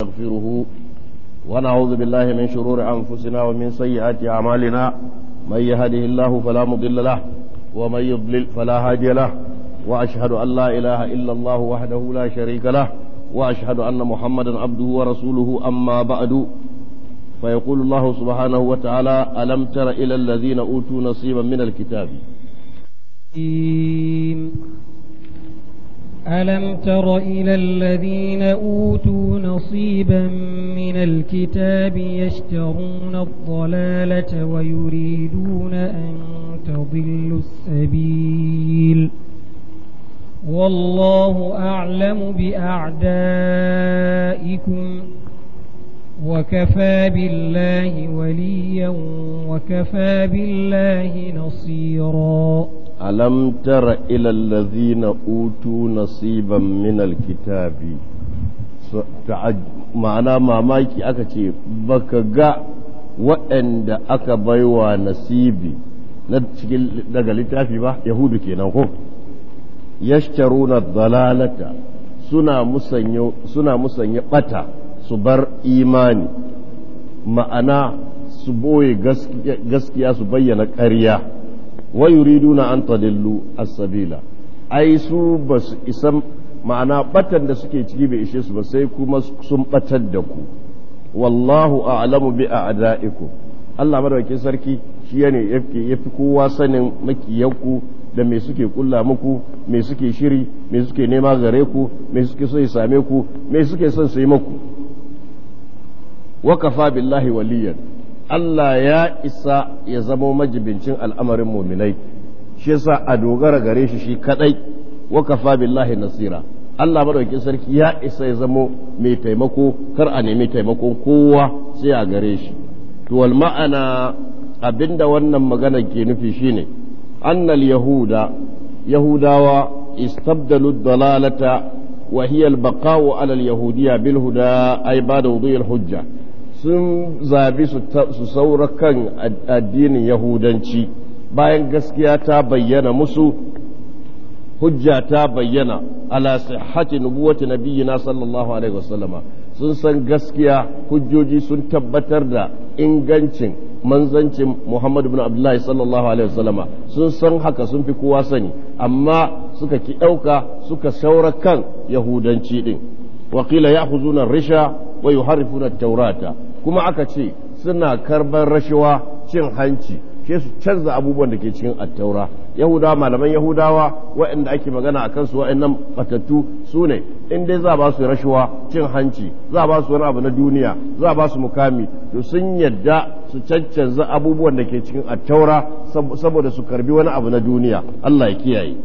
نستغفره ونعوذ بالله من شرور أنفسنا ومن سيئات أعمالنا من يهده الله فلا مضل له ومن يضلل فلا هادي له وأشهد أن لا إله إلا الله وحده لا شريك له وأشهد أن محمدا عبده ورسوله أما بعد فيقول الله سبحانه وتعالى ألم تر إلى الذين أوتوا نصيبا من الكتاب ألم تر إلى الذين أوتوا نصيبا من الكتاب يشترون الضلالة ويريدون أن تضلوا السبيل والله أعلم بأعدائكم وكفى بالله وليا وكفى بالله نصيراً ألم تر إلى الذين أوتوا نصيبا من الكتاب ma'ana mamaki aka ce baka ga waɗanda aka baiwa nasibi na daga littafi ba yahudu kenan ko yashtaruna dalalata suna musanya suna bata su bar imani ma'ana su boye gaskiya su bayyana ƙarya wa yuriduna an tadillu as-sabila ai su basu isan ma'ana batan da suke ciki bai ishe su ba sai kuma sun batar da ku wallahu a'lamu bi a'da'ikum Allah madawake sarki shi ne yafi yafi kowa sanin makiyanku da me suke kula muku me suke shiri me suke nema gare ku me suke so ya same ku me suke son su yi muku wa kafa billahi waliyan Allah ya isa ya zamo majibincin al'amarin muminai shi yasa a dogara gare shi shi kadai wa kafa billahi nasira Allah madaukin sarki ya isa ya zamo mai taimako kar a nemi taimakon kowa sai a gare shi to wal ma'ana abinda wannan magana ke nufi shine annal yahuda yahudawa istabdalu dalalata wa hiya al-baqa'u ala al-yahudiyya ay ba'da wudu'il hujja sun zabi su saura kan addinin yahudanci bayan gaskiya ta bayyana musu hujja ta bayyana ala sihhati nubuwati nabiyyina sallallahu alaihi wasallama sun san gaskiya hujjoji sun tabbatar da ingancin manzancin Muhammad bin Abdullahi sallallahu alaihi wasallama sun san haka sun fi kowa sani amma suka ki ɗauka suka saura kan yahudanci din wakila ya'khuzuna risha wa yuharrifuna taurata kuma aka ce suna karbar rashawa cin hanci ke su canza abubuwan da ke cikin attaura yahudawa malaman yahudawa waɗanda ake magana a kansu waɗannan batattu su ne in dai za ba su rashuwa cin hanci za ba su wani abu na duniya za ba su mukami to sun yadda su cancanza abubuwan da ke cikin attaura saboda su karbi wani abu na duniya Allah ya kiyaye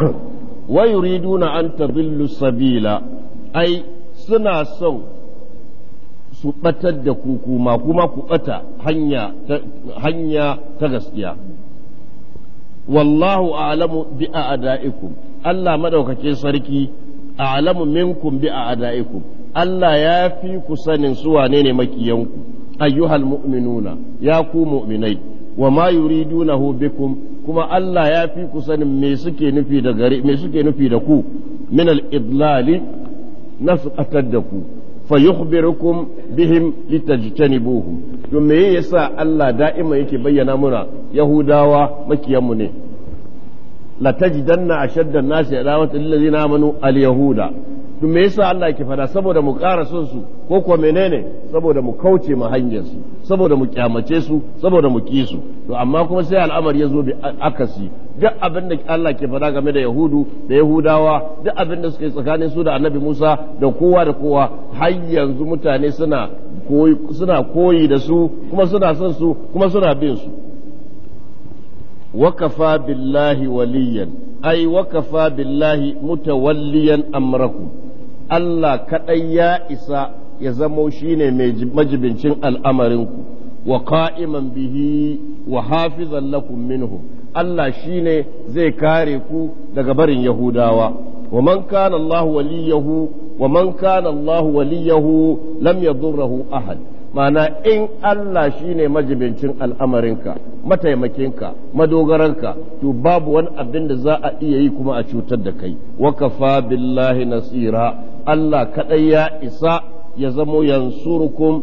wa yuriduna an tadillu sabila ai suna son su batar da ku kuma kuma ku bata hanya ta gaskiya wallahu a'lamu bi a'daikum Allah madaukake sarki a'lamu minkum bi a'daikum Allah ya fi ku sanin su wane ne makiyanku ayyuhal mu'minuna ya ku mu'minai wa ma yuridunahu bikum kuma Allah ya fi ku sanin me suke nufi da me suke nufi da ku min al-idlali na su da ku fa yukhbirukum bihim litajtanibuhum to me yasa Allah da'ima yake bayyana muna yahudawa makiyanmu ne latajidanna ashadda an-nasi adawatan lil ladina amanu al-yahuda duk me yasa Allah ke fada saboda mu ƙara son su ko kuwa menene saboda mu kauce mu hanyar su saboda mu kyamace su saboda mu ki su to amma kuma sai al'amari ya zo bi akasi duk abin da Allah ke fada game da Yahudu da Yahudawa duk abin da suka tsakanin su da Annabi Musa da kowa da kowa har yanzu mutane suna koyi suna koyi da su kuma suna son su kuma suna bin su wakafa billahi waliyan ai wakafa billahi mutawalliyan amrakum Allah kaɗai ya isa ya zamo shine mai majibincin al'amarinku wa ka'iman bihi wa hafizan lakum minhum Allah ne zai kare ku daga barin Yahudawa wa man kana Allah waliyahu wa man kana Allah waliyahu lam yadurruhu ahad mana in Allah shine majibincin al'amarinka mataimakinka madogaranka to babu wani abin da za a iya yi kuma a cutar da kai wa kafa billahi nasira Allah kaɗai ya isa ya zamo yansurukum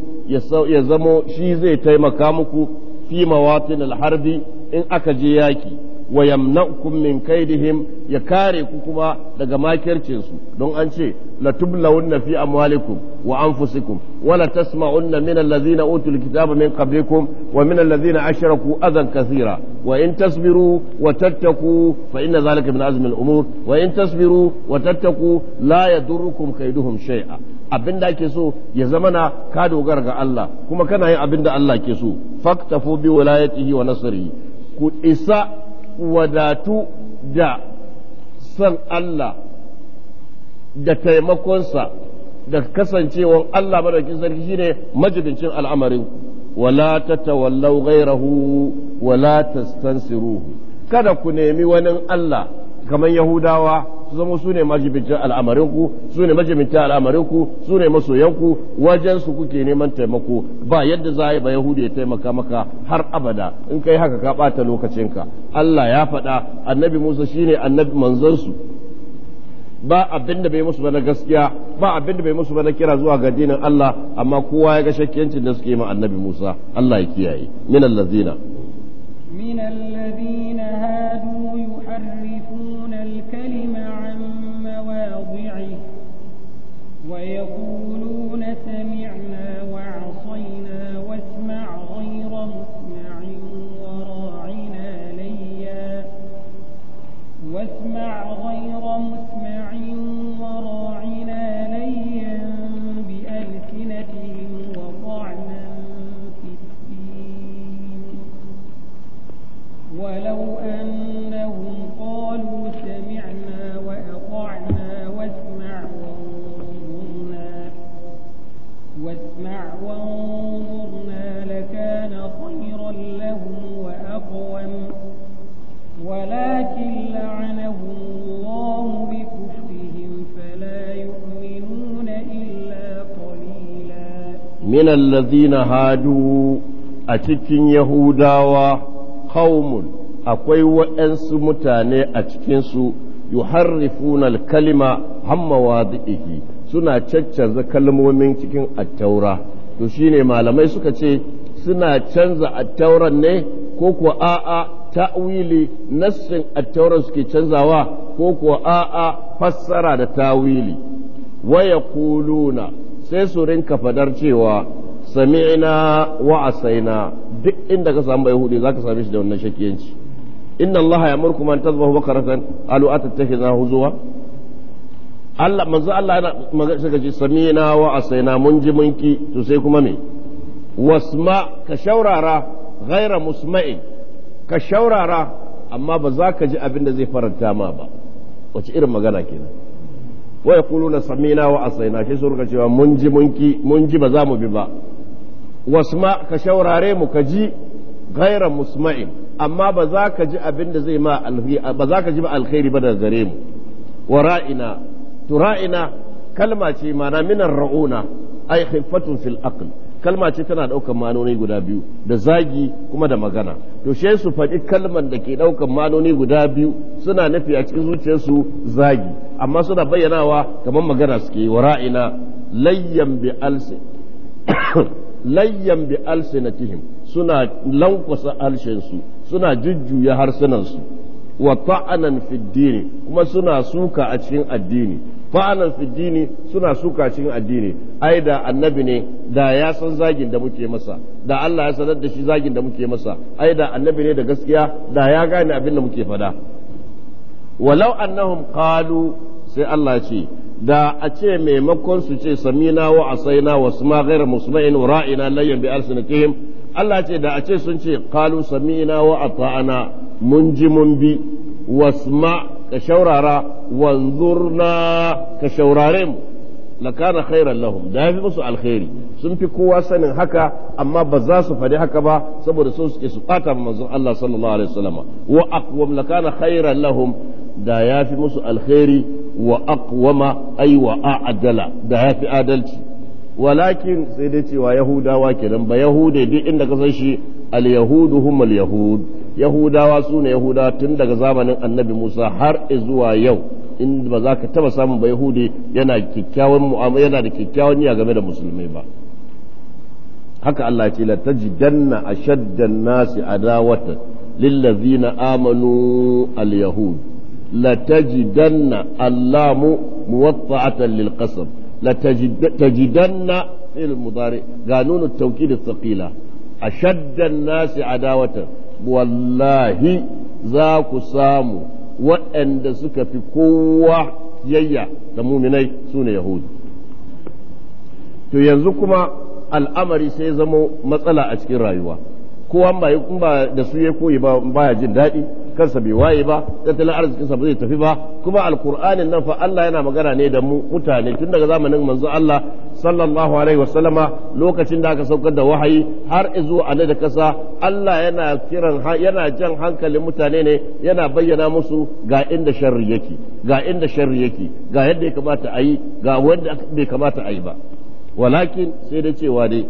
ya zamo shi zai taimaka muku fi mawatin alharbi in aka je yaki wa yamna'ukum min kaidihim ya kare ku kuma daga makircinsu don an ce la tublawunna fi amwalikum wa anfusikum wa la tasma'unna min allazina utul kitaba min qablikum wa min allazina ashraku adan kathira wa in tasbiru wa tattaku fa inna zalika min azmi al-umur wa in tasbiru wa tattaku la yadurrukum kaiduhum shay'a abin da ake so ya zama na ka dogara ga Allah kuma kana yin abin da Allah ke so faktafu bi wilayatihi wa nasrihi ku isa wadatu da san Allah da taimakonsa da kasancewar Allah madaukin sarki shine majibincin al'amarin wala tatawallaw ghayrahu wala tastansiruhu kada ku nemi wani Allah kamar Yahudawa su zama su ne majibincin al'amarinku su ne majibincin al'amarinku su ne masoyanku wajen su kuke neman taimako ba yadda za yi ba yahudi ya taimaka maka har abada in kai haka ka bata lokacinka Allah ya faɗa annabi Musa shine annabi manzansu ba abin da bai musu ba na gaskiya ba abin da bai musu ba na kira zuwa ga dinin Allah amma kowa ya ga shakkiyancin da suke ma annabi Musa Allah ya kiyaye min allazina min allazina hadu yuharrifuna ويقولون min allazina hadu a cikin yahudawa haumun akwai waɗansu mutane a cikinsu yuharrifuna al-kalima hamma suna caccanza kalmomin cikin attaura to shine malamai suka ce suna canza attauran ne ko kuwa a'a ta'wili nassin attauran suke canzawa ko kuwa a'a fassara da tawili wa yaquluna sai su rinka fadar cewa sami'na wa asaina duk inda ka samu yahudi zaka same shi da wannan shakiyanci inna allaha ya'murkum an tadhbahu bakaratan alu atattakhidha huzwa Allah manzo Allah yana magana ce sami'na wa asaina mun ji mun ki to sai kuma me wasma ka shaurara ghaira musma'in ka shaurara amma ba za ka ji abin da zai faranta ma ba wace irin magana kenan wa na samina wa asaina shi su cewa mun ji ba za mu bi ba wasu ma ka shaurare mu ka ji gairan musma'in amma ba za ka ji abin da zai ma ba za ka ji ba alkhairi ba daga gare mu wa ra'ina ra'ina kalma ce mana minar ra'una ai khiffatun fil aql kalma ce tana ɗaukar manoni guda biyu da zagi kuma da magana to she su faɗi kalman da ke ɗaukan manoni guda biyu suna nufi a cikin zuciyarsu zagi amma suna bayyanawa kamar magana suke yi wa ra'ina layyan bi alsi layyan bi suna lankwasa alshensu suna jujjuya harsunansu wa ta'anan fiddini kuma suna suka a cikin addini fa'alan fiddini suna suka cikin addini ai da annabi ne da ya san zagin da muke masa da Allah ya sanar da shi zagin da muke masa ai da annabi ne da gaskiya da ya gane abin da muke fada walau annahum qalu sai Allah ya ce da a ce maimakon su ce samina wa asaina wa suma ghayra musma'in wa ra'ina layyan bi alsinatihim Allah ce da a ce sun ce qalu samina wa ata'ana mun ji mun bi wasma' ka shaurara wanzurna ka shaurare mu lakana khairan lahum da yafi musu alkhairi sun fi kowa sanin haka amma ba za su faɗi haka ba saboda sun suke su ɓata manzon Allah sallallahu alaihi wasallam wa aqwam lakana khairan lahum da fi musu alkhairi wa aqwama ay wa a'dala da fi adalci walakin sai dai cewa yahudawa kenan ba yahude duk inda ka san shi al yahudu hum al yahud yahudawa su ne yahudawa tun daga zamanin annabi musa har zuwa yau in ba za ka taba samun ba yahudi yana kyakkyawan mu'amala yana da kyakkyawan niyya game da musulmai ba haka Allah ce la tajidanna ashaddan nasi adawata lillazina amanu al-yahud la tajidanna allamu muwatta'atan lil la tajidanna fil mudari ga nunu tawkid thaqila ashaddan nasi adawatan wallahi za ku samu waɗanda suka fi kowa yayya da muminai su ne yahudu to yanzu kuma al'amari sai zamo matsala a cikin rayuwa kowa ba da su ya koyi ba ya jin daɗi kansa bai waye ba tattalin arzikinsa ba zai tafi ba kuma alkur'anin nan fa Allah yana magana ne da mu mutane tun daga zamanin manzo Allah sallallahu alaihi wasallama lokacin da aka saukar da wahayi har zuwa a da kasa Allah yana kiran yana jan hankalin mutane ne yana bayyana musu ga inda sharri yake ga inda sharri yake ga yadda ya kamata a yi ga wanda bai kamata a yi ba walakin sai da cewa dai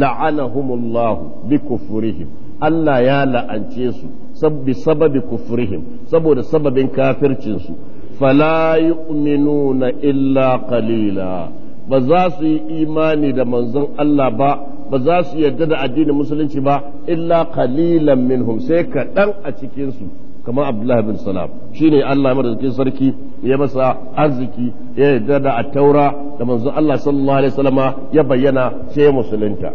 la'anahumullahu bi kufurihim Allah ya la'ance su sabbi sababi kufrihim saboda sababin kafircinsu fala yu'minuna illa qalila ba za su yi imani da manzon Allah ba ba za su yarda da addinin musulunci ba illa qalilan minhum sai kaɗan a cikinsu kamar Abdullahi bin Salam shine Allah madaukakin sarki ya masa arziki ya yarda da a taura da manzon Allah sallallahu alaihi wasallama ya bayyana sai musulunta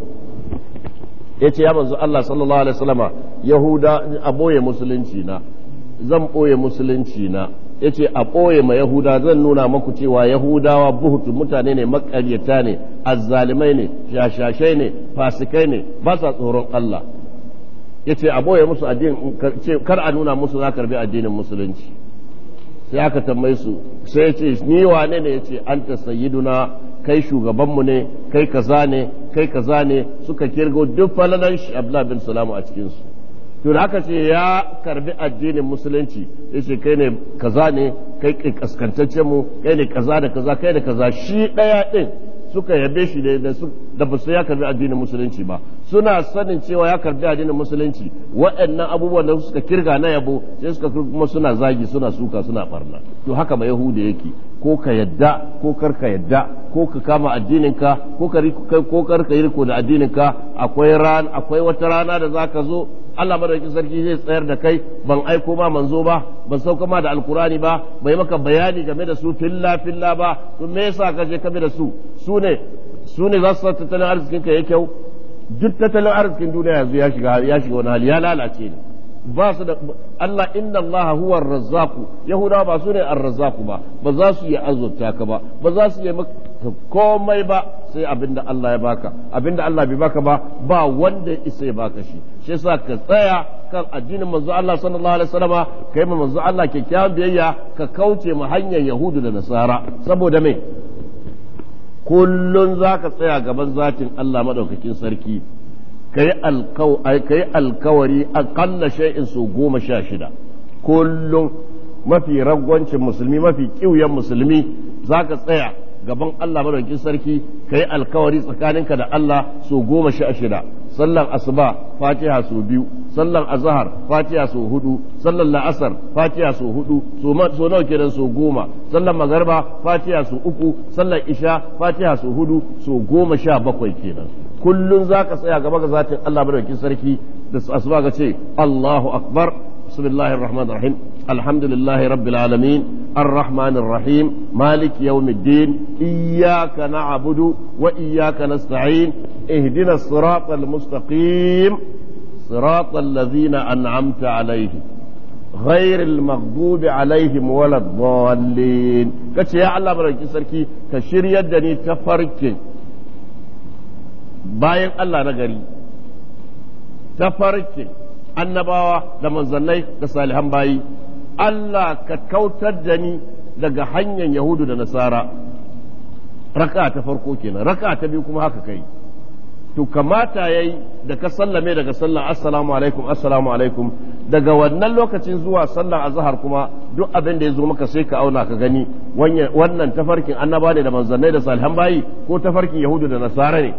yace ya manzo Allah sallallahu alaihi wasallama yahuda a boye musulunci na zan boye musulunci na yace a boye ma yahuda zan nuna maku cewa yahudawa buhutu mutane ne makaryata ne azzalimai ne shashashai ne fasikai ne ba sa tsoron Allah yace a boye musu addinin kar a nuna musu za karbi addinin musulunci sai aka tambaye su sai yace ni wane ne yace anta sayyiduna kai shugabanmu ne kai kaza ne kai kaza ne suka kirgo duk falalan shi Abdullahi bin Salamu a cikin su to haka ce ya karbi addinin musulunci ce kai ne kaza ne kai kaskantacce mu kai ne kaza da kaza kai da kaza shi daya din suka yabe shi da da ba su ya karbi addinin musulunci ba suna sanin cewa ya karbi addinin musulunci waɗannan abubuwan da suka kirga na yabo sai suka kuma suna zagi suna suka suna barna to haka ba yahuda yake ko ka yadda ko kar ka yadda ko ka kama addininka ko ka ko kar ka yi riko da addininka akwai ran akwai wata rana da zaka zo Allah madaukakin sarki zai tsayar da kai ban aiko ma manzo ba ban sauka ma da alkurani ba bai maka bayani game da su filla filla ba to me yasa ka je game da su su ne su ne za su tattalin arzikin ka yake kyau duk tattalin arzikin duniya yanzu ya shiga ya shiga wani hali ya lalace ne ba su da Allah inna Allah huwa ar-razzaq yahudawa ba su ne ar-razzaq ba ba za su yi azurta ka ba ba za su yi maka komai ba sai abinda Allah ya baka abinda Allah bai baka ba ba wanda ya isa ya baka shi shi yasa ka tsaya kan addinin manzo Allah sallallahu alaihi wasallam kai ma manzo Allah kyakkyawan biyayya ka kauce ma hanyar yahudu da nasara saboda me kullun zaka tsaya gaban zatin Allah madaukakin sarki ka yi alkawari aƙalla shay'in su goma sha shida kullum mafi ragwancin musulmi mafi ƙiwyen musulmi za ka tsaya gaban Allah madaukin sarki ka yi alkawari tsakaninka da Allah su goma sha shida sallan asuba fatiha su biyu sallan azahar fatiha su hudu sallan la'asar fatiha su hudu so nawa kenan su goma sallan magarba fatiha su uku sallan isha fatiha su hudu so goma sha bakwai kenan kullun zaka tsaya gaba ga zatin Allah madaukakin sarki da asuba ka ce Allahu akbar bismillahir rahmanir rahim alhamdulillahi rabbil alamin arrahmanir rahim malik yawmiddin iyyaka na'budu wa iyyaka nasta'in ihdinas siratal mustaqim siratal ladzina an'amta alaihim غير المغضوب عليهم ولا الضالين كتش يا الله بركي سركي كشير يدني تفركي bayan Allah na gari farke annabawa da manzannai da salihan bayi Allah ka kautar da ni daga hanyar Yahudu da Nasara raka ta farko kenan raka ta biyu kuma haka kai to kamata yayi da ka sallame daga sallan assalamu alaikum assalamu alaikum daga wannan lokacin zuwa sallan azhar kuma duk abin da ya zo maka sai ka auna ka gani wannan tafarkin annaba ne da manzannai da salihan bayi ko tafarkin yahudu da nasara ne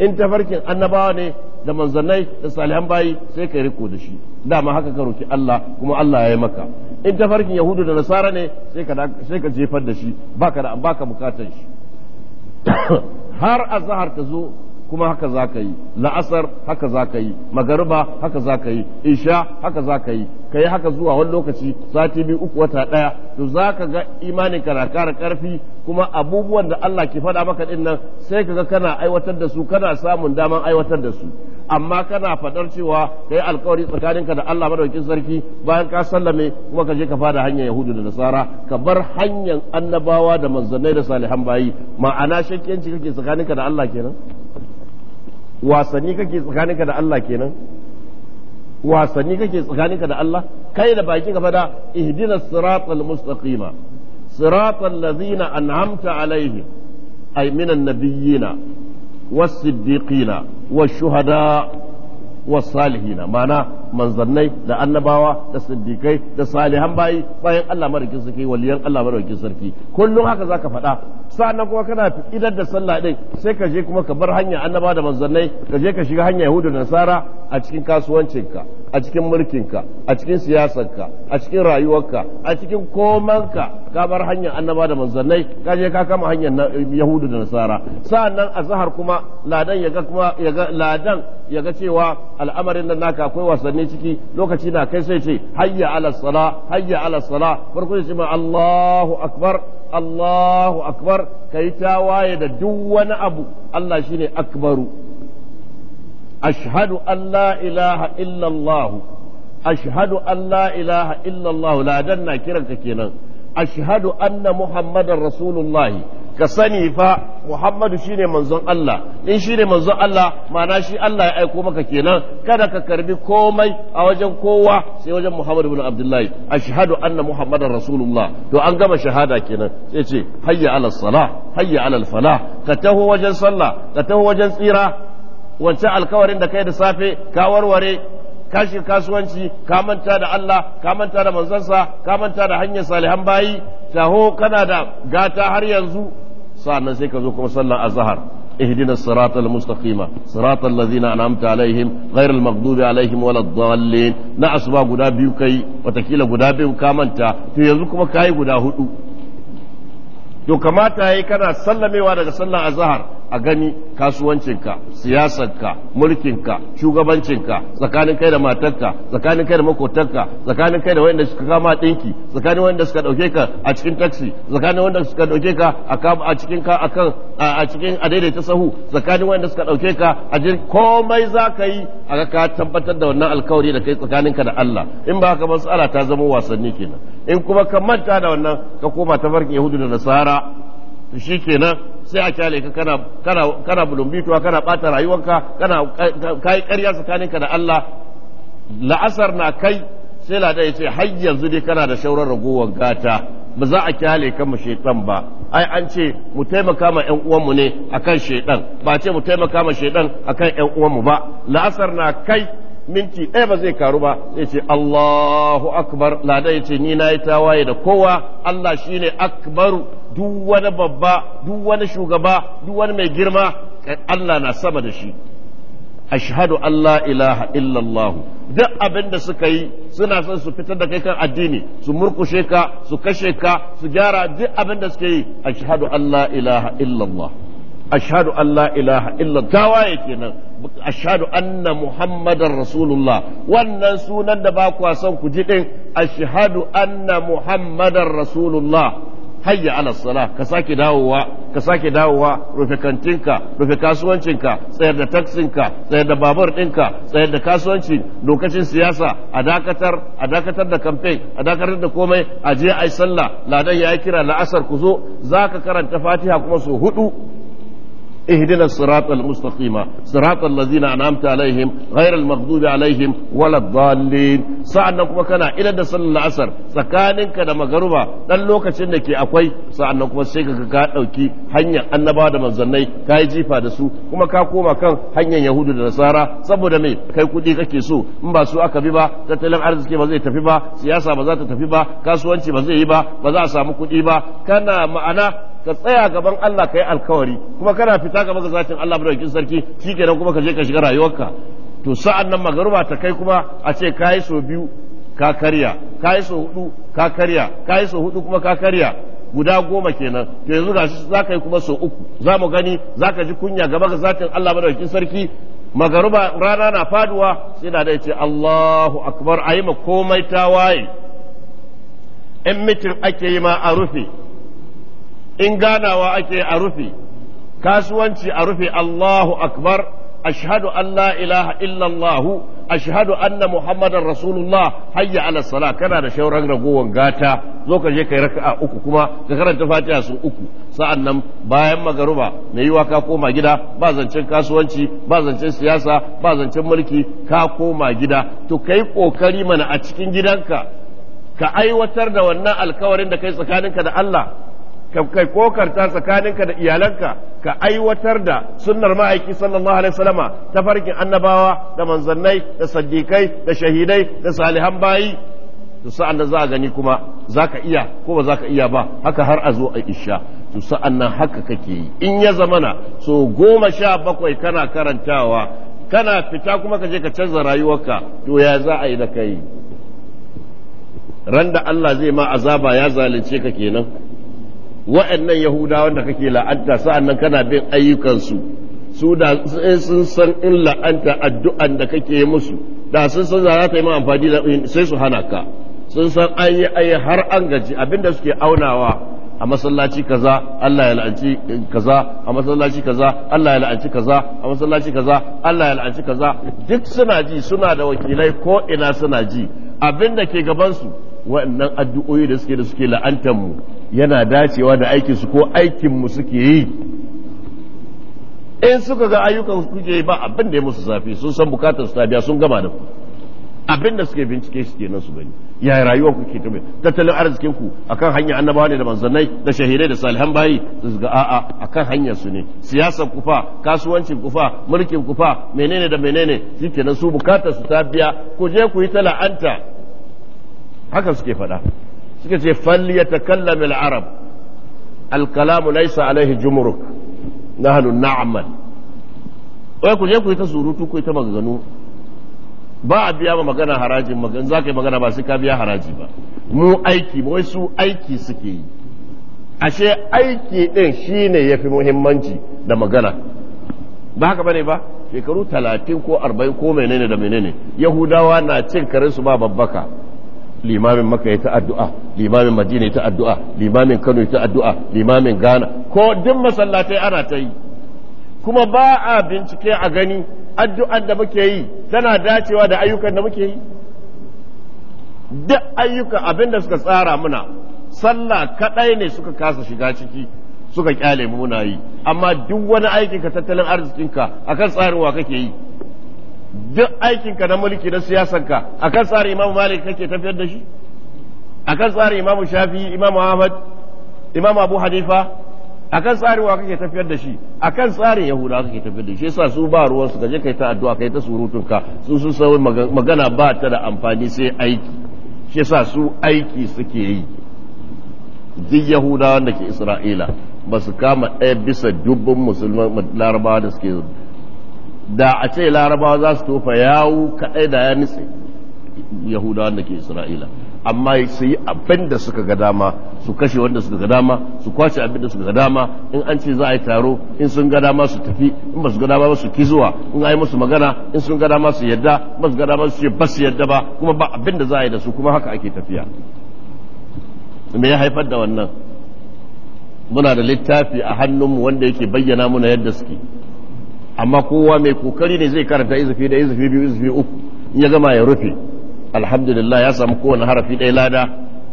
in tafarkin annabawa ne da manzannai da salihan bayi sai ka riko da shi dama haka ka roki Allah kuma Allah ya yi maka in tafarkin yahudu da nasara ne sai ka jefar da shi baka da baka bukatar shi har azhar ta zo kuma haka za ka yi la'asar haka za ka yi magariba haka za ka yi isha haka za ka yi ka yi haka zuwa wani lokaci sati biyu uku wata ɗaya to za ka ga imanin ka na ƙara ƙarfi kuma abubuwan da Allah ke faɗa maka ɗin nan sai kaga kana aiwatar da su kana samun daman aiwatar da su amma kana faɗar cewa kai alkawari tsakaninka da Allah madaukin sarki bayan ka sallame kuma ka je ka fada hanyar Yahudu da Nasara ka bar hanyar annabawa da manzannai da salihan bayi ma'ana shakkiyanci kake tsakaninka da Allah kenan wasanni kake tsakaninka da Allah kenan wasanni kake tsakaninka da Allah kai da baki ka fada ihdinas siratal mustaqima صراط الذين أنعمت عليهم أي من النبيين والصديقين والشهداء wasalihina mana manzannai da annabawa da siddikai da salihan bayi bayan Allah madaukakin sarki waliyan Allah madaukakin sarki kullum haka zaka faɗa nan kuma kana idar da sallah din sai ka je kuma ka bar hanya annaba da manzannai ka je ka shiga hanya yahudu da nasara a cikin kasuwancinka a cikin mulkinka a cikin siyasarka a cikin rayuwarka a cikin komanka ka bar hanyar annaba da manzannai ka je ka kama hanyar yahudu da nasara sa'annan a zahar kuma ladan ya ga kuma ya ga ladan ya ga cewa al'amarin nan naka akwai wasanni ciki lokaci na kai sai ce hayya ala sala hayya ala sala farko ce ma Allahu akbar Allahu akbar kai ta waye da duk wani abu Allah shine akbaru ashhadu an la ilaha illa Allah ashhadu an la ilaha illa Allah ladan na kiranka kenan ashhadu anna muhammadar rasulullahi ka sani fa Muhammadu shine manzon Allah in shine manzon Allah ma'ana shi Allah ya aiko maka kenan kada ka karbi komai a wajen kowa sai wajen Muhammadu bin Abdullahi a shahadu anna Muhammadu Rasulullah to an gama shahada kenan sai ce hayya ala salah hayya ala ka taho wajen sallah ka taho wajen tsira wancan alkawarin da kai da safe ka warware kashin kasuwanci ka manta da Allah ka manta da manzansa ka manta da hanyar salihan bayi taho kana da gata har yanzu sa'annan sai ka zo kuma sallar azhar اهدنا الصراط المستقيم صراط الذين أنعمت عليهم غير المغضوب عليهم ولا الضالين نا أصبع قدابي كي وتكيل قدابي وكامنتا تيزوكما كاي قدا هدو to kamata yayi kana sallamewa daga sallar azhar a gani kasuwancinka siyasarka mulkinka shugabancinka tsakanin kai da matarka tsakanin kai da makotarka tsakanin kai da wanda suka kama dinki tsakanin wanda suka dauke ka a cikin taxi tsakanin wanda suka dauke ka a cikin ka akan a cikin a daidaita sahu tsakanin wanda suka dauke ka a jin komai za ka yi a ka tabbatar da wannan alkawari da kai tsakaninka da Allah in ba haka masu ta zama wasanni kenan in kuma ka manta da wannan ka koma ta farkin yahudu da nasara to shikenan sai a kyale ka kana bulumbituwa kana bata rayuwarka kana kai ƙarya tsakaninka da Allah la'asar na kai sai lada ya ce har yanzu dai kana da shauran ragowar gata ba za a kyale ka mu shaitan ba ai an ce mu taimaka ma ƴan uwanmu ne akan shaitan ba ce mu taimaka ma shaitan akan ƴan uwanmu ba la'asar na kai minti ɗaya ba zai karu ba sai ce Allahu akbar lada ya ce ni na yi tawaye da kowa Allah shine akbaru duk wani babba duk wani shugaba duk wani mai girma Allah na sama da shi ashhadu an la ilaha illallah duk abin da suka yi suna son su fitar da kai kan addini su murkushe ka su kashe ka su gyara duk abin da suka yi ashhadu an la ilaha illallah ashhadu Allah ilaha illallah tawaye kenan ashhadu anna muhammadan rasulullah wannan sunan da ba kwa son ku ji din ashhadu anna muhammadan rasulullah hayya ala sala ka sake dawowa ka sake dawowa rufe kantinka rufe kasuwancinka tsayar da taksinka tsayar da babur ɗinka tsayar da kasuwanci lokacin siyasa a dakatar a dakatar da kamfen a dakatar da komai a je ai sallah ladan ya yi kira la'asar ku zo za ka karanta fatiha kuma so hudu اهدنا الصراط المستقيم صراط الذين انعمت عليهم غير المغضوب عليهم ولا الضالين sa'annan kuma kana idan da sallar la'asar tsakaninka da magaruba dan lokacin da ke akwai sa'annan kuma sai ka ka dauki hanyar annaba da manzannai ka yi jifa da su kuma ka koma kan hanyar yahudu da nasara saboda me kai kudi kake so in ba su aka bi ba tattalin arziki ba zai tafi ba siyasa ba za ta tafi ba kasuwanci ba zai yi ba ba za a samu kudi ba kana ma'ana ka tsaya gaban Allah ka yi alkawari kuma kana fita gaban ga zakin Allah madaukakin sarki shikenan kuma ka je ka shiga rayuwarka to sa'an nan magaruba ta kai kuma a ce ka yi so biyu ka karya ka yi so hudu ka karya ka yi so hudu kuma ka karya guda goma kenan to yanzu ga shi za ka yi kuma so uku za mu gani za ka ji kunya gaba ga zatin Allah madaukakin sarki magaruba rana na faduwa sai da dai ce Allahu akbar ayi ma komai ta waye. in mitin ake yi ma a rufe in ganawa ake a rufe kasuwanci a rufe Allahu akbar ashhadu an la ilaha illallah ashhadu anna muhammadan rasulullah hayya ala salat kana da shauran ragowan gata zo ka je kai raka'a uku kuma ka karanta fatiha su uku sa'annan bayan magaruba mai yiwa ka koma gida ba zancen kasuwanci ba zancen siyasa ba zancen mulki ka koma gida to kai kokari mana a cikin gidanka ka aiwatar da wannan alkawarin da kai tsakaninka da Allah kai kokarta tsakaninka da iyalanka ka aiwatar da sunnar ma'aiki sallallahu alaihi wasallama ta farkin annabawa da manzannai da saddikai da shahidai da salihan bayi to sa'an za a gani kuma za ka iya ko ba za ka iya ba haka har a zo a isha to sa'an nan haka kake yi in ya zamana so goma sha bakwai kana karantawa kana fita kuma ka je ka canza rayuwarka to ya za a yi da kai randa Allah zai ma azaba ya zalunce ka kenan wa'annan yahudawan da kake la'anta sa'annan kana bin ayyukansu su da sun san in la'anta addu'an da kake musu da sun san za ta yi ma amfani da sai su hana ka sun san an yi ayi har an gaji abinda suke aunawa a masallaci kaza Allah ya la'anci eh, kaza a masallaci kaza Allah ya la'anci kaza a masallaci kaza Allah ya la'anci kaza duk suna ji suna da wakilai ko ina suna ji abin da ke gaban su addu'o'i da suke da suke la'antar mu yana dacewa da aikinsu ko aikinmu suke yi in suka ga ayyukan suke yi ba abin da ya musu zafi sun san bukatar su ta biya sun gama da ku abin da suke bincike su kenan su gani ya rayuwar ku ke tafiya tattalin arzikin ku akan hanya annabawa ne da manzannai da shahirai da salihan bayi su ga a'a akan hanyar su ne siyasar fa kasuwancin ku fa mulkin ku fa menene da menene shi kenan su bukatar su ta biya ku je ku yi tala'anta haka suke faɗa suka ce falli ya takallam al-arab al-kalamu laysa alaihi jumruk nahnu na'mal wai ku je ku yi ta surutu ku yi ta maganganu ba a biya ma magana harajin magana za ka yi magana ba sai ka biya haraji ba mu aiki wai su aiki suke yi ashe aiki din shine yafi muhimmanci da magana ba haka bane ba shekaru talatin ko arba'in ko menene da menene yahudawa na cin karinsu ba babbaka limamin maka ya ta addu'a limamin madina ta addu'a limamin kano ta addu'a limamin ghana ko duk masallatai ana ta yi kuma ba a bincike a gani addu'ar da muke yi tana dacewa da ayyukan da muke yi duk ayyuka abin da suka tsara muna sallah kaɗai ne suka kasa shiga ciki suka kyale mu muna yi amma duk wani aikin ka tattalin arzikinka akan tsarinwa kake yi duk aikinka na mulki na siyasanka akan tsarin imamu malik kake tafiyar da shi akan tsarin imamu shafi imamu ahmad imamu abu hanifa akan tsarin wa kake tafiyar da shi akan tsarin yahuda kake tafiyar da shi yasa su ba ruwan su kaje kai ta addu'a kai ta surutunka su sun sauyi magana ba ta da amfani sai aiki shi yasa su aiki suke yi duk yahuda da ke isra'ila ba su kama ɗaya bisa dubban musulman larabawa da suke da a ce larabawa za su tofa yawu kaɗai da ya nitse yahuda da ke isra'ila amma su yi abin da suka ga dama su kashe wanda suka ga dama su kwace abin da suka ga dama in an ce za a yi taro in sun ga dama su tafi in ba su ga dama su kizuwa in a yi musu magana in sun ga dama su yadda ba su ga dama su ce ba su yadda ba kuma ba abin da za a yi da su kuma haka ake tafiya me ya haifar da wannan muna da littafi a hannunmu wanda yake bayyana muna yadda suke amma kowa mai kokari ne zai karanta izifi da izifi biyu izifi uku in ya gama ya rufe alhamdulillah ya samu kowane harafi ɗaya lada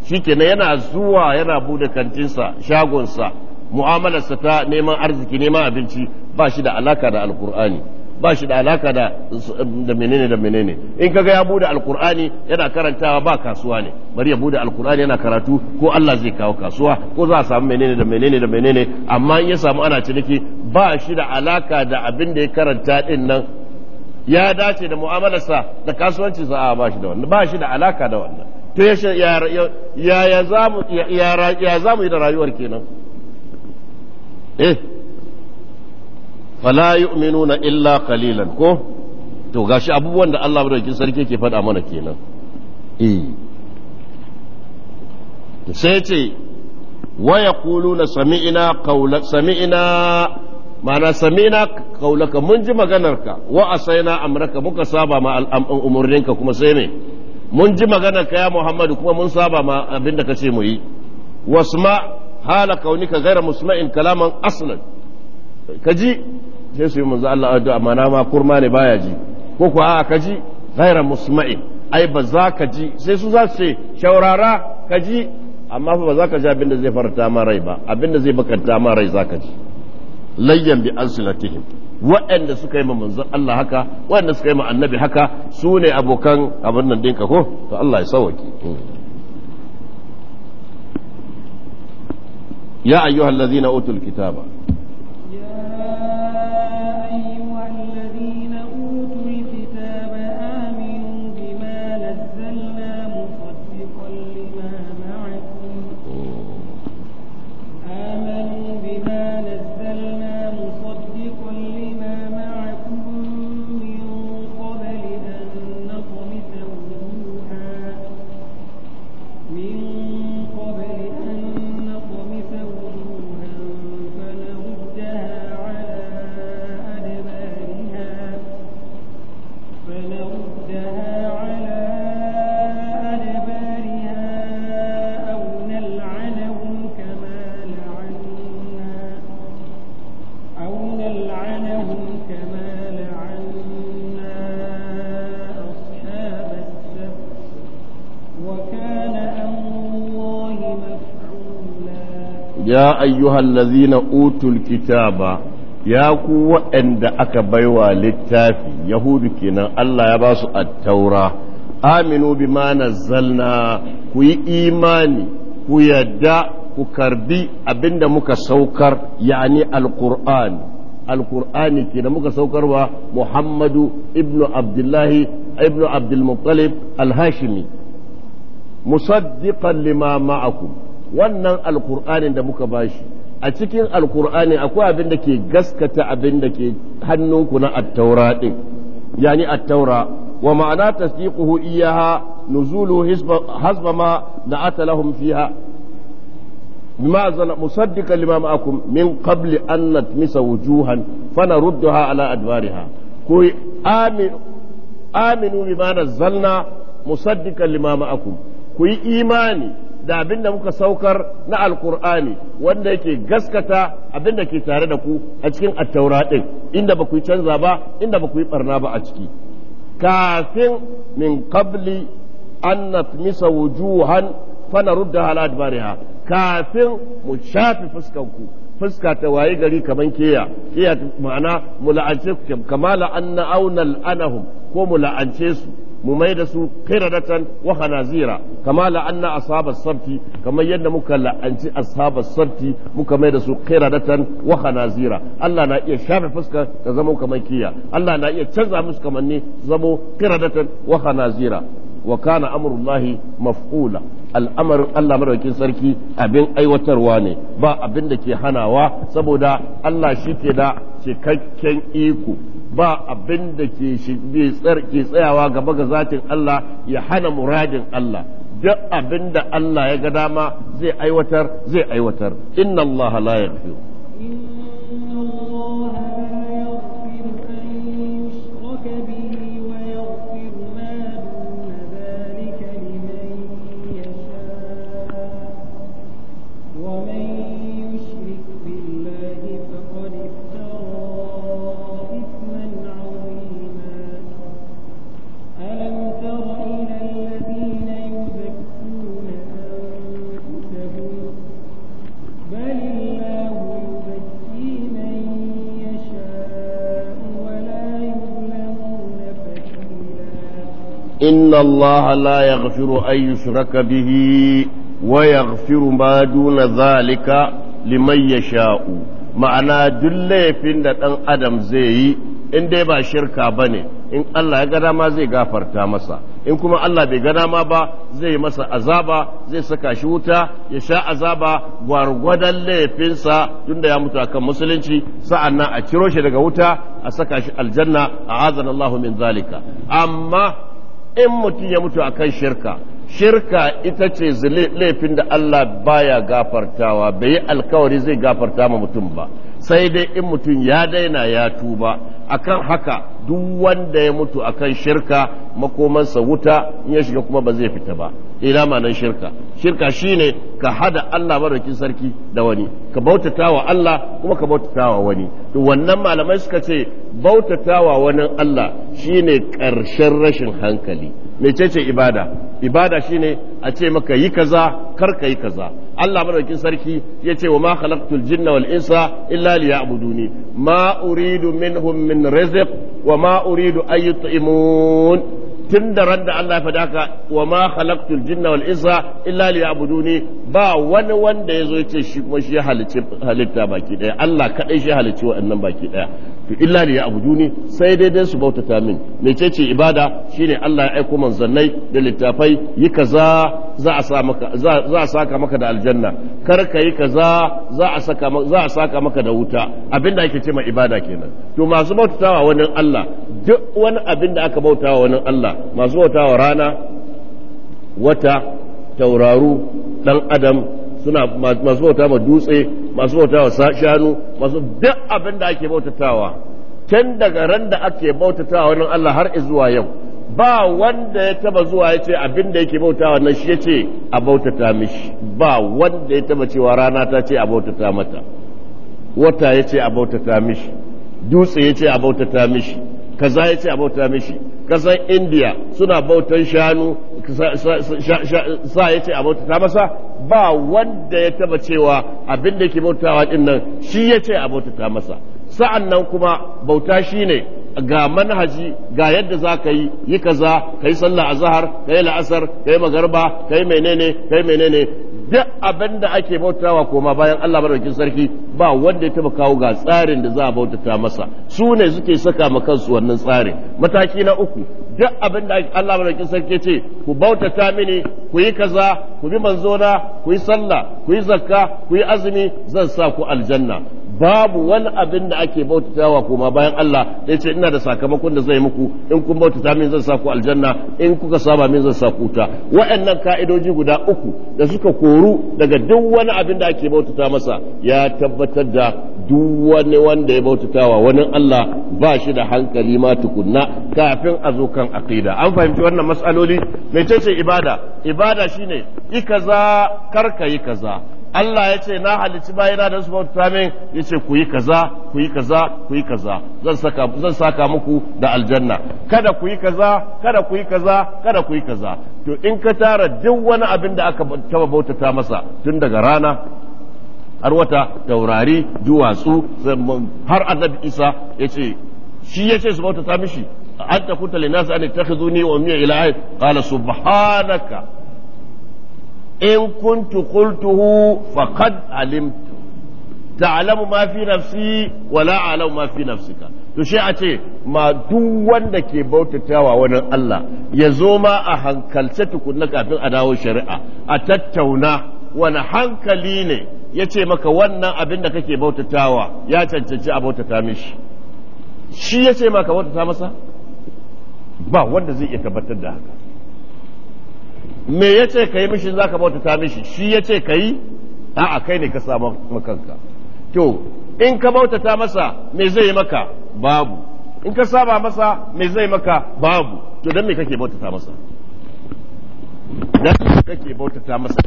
shi na yana zuwa yana bude kantinsa shagonsa mu'amalarsa ta neman arziki neman abinci ba shi da alaka da alkur'ani ba shi da alaka da menene da menene in kaga ya bude alkur'ani yana karantawa ba kasuwa ne bari ya bude alkur'ani yana karatu ko Allah zai kawo kasuwa ko za a samu menene da menene da menene amma in ya samu ana ciniki ba shi da alaka da abin da ya karanta din nan ya dace da mu'amalarsa da kasuwancinsa a ba shi da wannan ba shi da alaka da wannan to ya za mu yi da rayuwar kenan eh fala yu'minuna illa qalilan ko to gashi abubuwan da Allah kin sarki ke faɗa mana kenan eh sai ce wa yaquluna sami'na qawla sami'na mana samina kaulaka mun ji maganarka wa asaina amraka muka saba ma umurninka kuma sai ne mun ji maganarka ya muhammadu kuma mun saba ma abin da kace mu yi wasma hala kaunika gaira musma'in kalaman aslan kaji sai su yi manzo Allah addu'a ma'ana ma kurma ne baya ji ko ku a'a kaji ghaira musma'in ai ba za ka ji sai su za su ce shaurara kaji amma fa ba za ka ji abinda zai faranta ma rai ba abinda zai bakanta ma rai za ka ji layyan bi alsinatihim wa'anda suka yi ma manzon Allah haka wa'anda suka yi ma annabi haka su ne abokan abin nan dinka ko to Allah ya sauwaki ya ayyuhal ladzina utul kitaba ya ayyuhal lazina utul kitaba ya ku waɗanda aka baiwa littafi yahudu kenan Allah ya ba su attaura aminu bima nazzalna ku yi imani ku yadda ku karbi abinda muka saukar yani alkur'ani alqur'ani kenan muka saukarwa muhammadu ibnu abdullahi ibnu abdulmuttalib alhashimi musaddiqan lima ma'akum wannan alkur'anin da muka ba shi a cikin alkur'ani akwai abin da ke gaskata abin da ke hannunku na attaura ɗin yani attaura wa ma'ana tasdiquhu iyaha nuzulu hasba ma da ata lahum fiha bima azana musaddiqan min qabli an natmisa wujuhan fa narudduha ala adwariha ku aminu bima nazzalna musaddiqan lima ma'akum ku imani da abin da muka saukar na alkur'ani wanda yake gaskata abin da ke tare da ku a cikin attaura ɗin inda ba ku yi canza ba inda ba ku yi ɓarna ba a ciki kafin min qabli an natmisa wujuhan fanarudda halad ha, kafin mu shafi fuskanku fuska ta waye gari kaman keya keya ma'ana mu la'ance ku kama anahum ko mu la'ance su mu mai da su qiradatan wa khanazira kama la'anna ashabas sabti kamar yadda muka la'anci ashabas sabti muka mai da su qiradatan wa khanazira Allah na iya shafe fuska ta zama kamar kiya Allah na iya canza musu kamanni zamo qiradatan wa khanazira wa kana amrullahi maf'ula al'amarin Allah madaukin sarki abin aiwatarwa ne ba abin da ke hanawa saboda Allah shi ke da cikakken iko ba abin da ke tsayawa gaba ga zatin Allah ya hana muradin Allah duk abin da Allah ya ga dama zai aiwatar zai aiwatar inna Allah la yaghfiru الله لا يغفر أن يشرك به ويغفر ما دون ذلك liman ya sha'u ma'ana duk laifin da ɗan adam zai yi in dai ba shirka ba ne in Allah ya ga dama zai gafarta masa in kuma Allah bai ga dama ba zai masa azaba zai saka shi wuta ya sha azaba gwargwadon laifinsa tunda ya mutu akan musulunci sa'annan a ciro shi daga wuta a saka shi aljanna a azan min zalika amma in mutum ya mutu akan shirka shirka ita ce laifin da Allah baya gafartawa bai yi alkawari zai gafarta ma mutum ba sai dai in mutum ya daina ya tuba akan haka duk wanda ya mutu akan shirka makomansa wuta in ya shiga kuma ba zai fita ba ina ma nan shirka shirka shine ka hada Allah madaukin sarki da wani ka bautata wa Allah kuma ka bautata wa wani to wannan malamai suka ce bautata wa wani Allah shine ƙarshen rashin hankali mecece ibada ibada shine a ce maka yi kaza kar ka yi kaza Allah madaukin sarki ya ce wa ma khalaqtul jinna wal insa illa liya'buduni ma uridu minhum min rizq wa ma uridu tun da ran da Allah ya faɗa haka wa ma khalaqtul jinna wal insa illa liya'buduni ba wani wanda ya ya yace shi kuma shi halitta baki daya Allah kadai shi halicci waɗannan baki daya to illa li ne sai dai dai su bautata min mecece ibada shine Allah ya aiko manzannai da littafai yi kaza za a sa maka za a saka maka da aljanna kar ka yi kaza za a saka za a saka maka da wuta abinda ake ce ibada kenan to masu bautatawa wani Allah duk wani abin da aka bautawa wani Allah masu bautawa rana wata tauraru dan adam suna masu bauta ma dutse masu bauta wa shanu masu duk abin da ake bautatawa tun daga ran da ake bautatawa wannan Allah har zuwa yau ba wanda ya taba zuwa ya ce abin da yake bauta nan shi ya ce a bautata mishi ba wanda ya taba cewa rana ta ce a bautata mata wata ya ce a bautata mishi dutse ya ce a bautata mishi kaza ya ce a bauta mishi kasan indiya suna bautan shanu sa ya ce a bautata masa ba wanda ya taba cewa abin da ke bautawa din nan shi ya ce a bautata masa sa'an nan kuma bauta shi ne ga manhaji ga yadda za ka yi yi kaza ka yi sallah a zahar ka yi la'asar ka yi magarba ka yi menene ka yi menene duk abin da ake bautawa koma bayan Allah madaukakin sarki ba wanda ya taba kawo ga tsarin da za a bautata masa su ne suke saka ma kansu wannan tsarin mataki na uku duk abin da Allah madaukakin sarki ce ku bautata mini ku yi kaza ku bi manzona ku yi sallah ku yi zakka ku yi azumi zan sa ku aljanna babu wani abin da ake bautatawa kuma bayan Allah sai ce ina da sakamakon da zai muku in kun bautata min zan sa ku aljanna in kuka saba min zan sa ku ta waɗannan ka'idoji guda uku da suka koru daga duk wani abin da ake bautata masa ya tabbatar da duk wani wanda ya bautatawa wani Allah ba shi da hankali ma tukunna kafin a zo kan aqida an fahimci wannan mas'aloli mecece ibada ibada shine ikaza karka yi kaza Allah ya ce na halicci bayina da su bauta min ya ce ku yi kaza ku yi kaza ku yi kaza zan saka zan muku da aljanna kada ku yi kaza kada ku yi kaza kada ku yi kaza to in ka tara duk wani abin da aka taba bautata masa tun daga rana har wata taurari duwatsu har annabi isa ya ce shi ya ce su bautata mishi an takuta linasa an takhizuni wa ummi ilahi qala subhanaka in kuntu qultuhu faqad alimtu ta'lamu ma fi nafsi wa la a'lamu ma fi nafsika to shi a ce ma duk wanda ke bautatawa wani Allah ya zo ma a hankalce tukunna kafin a dawo shari'a a tattauna wani hankali ne ya ce maka wannan abin da kake bautatawa ya cancanci a bautata mishi shi ya ce maka bautata masa ba wanda zai iya tabbatar da haka me ya ce ka yi mishi za ka bauta ta mishi shi ya ce ka yi a'a kai ne ka samu makanka to in ka bauta ta masa me zai maka babu in ka saba masa me zai maka babu to dan me kake bauta ta masa dan kake bauta ta masa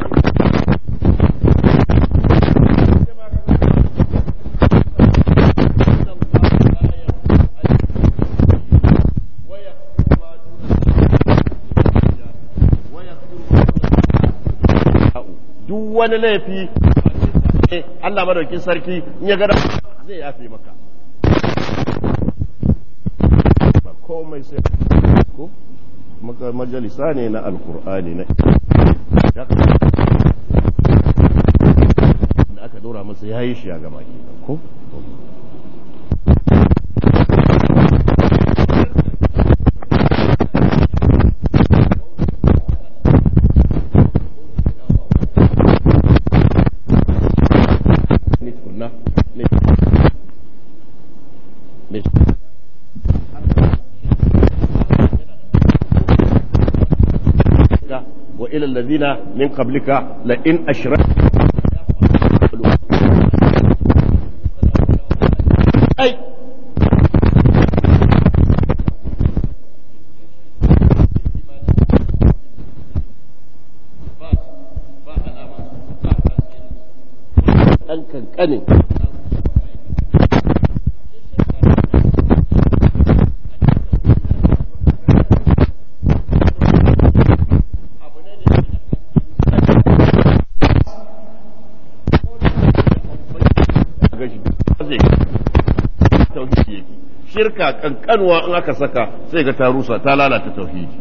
duk wani laifi eh, Allah madaukin sarki in ya gada zai yafe maka ba komai sai ko majalisa ne na alkur'ani na da aka dora masa yayi yi shi ya gama ko وإلى الذين من قبلك لئن أشركت shirka kankanuwa in aka saka sai ga ta rusa ta lalata tauhidi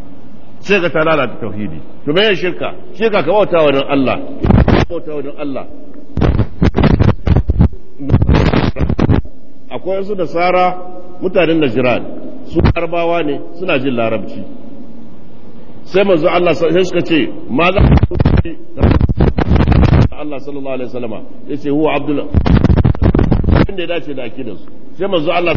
sai ga ta lalata tauhidi to me shirka shirka ka bauta wa don Allah bauta wa Allah akwai su da sara mutanen jiran su arbawa ne suna jin larabci sai manzo Allah sai suka ce ma za ku Allah sallallahu alaihi wasallama yace huwa abdullah inda da ya dace da akidansu sai manzo Allah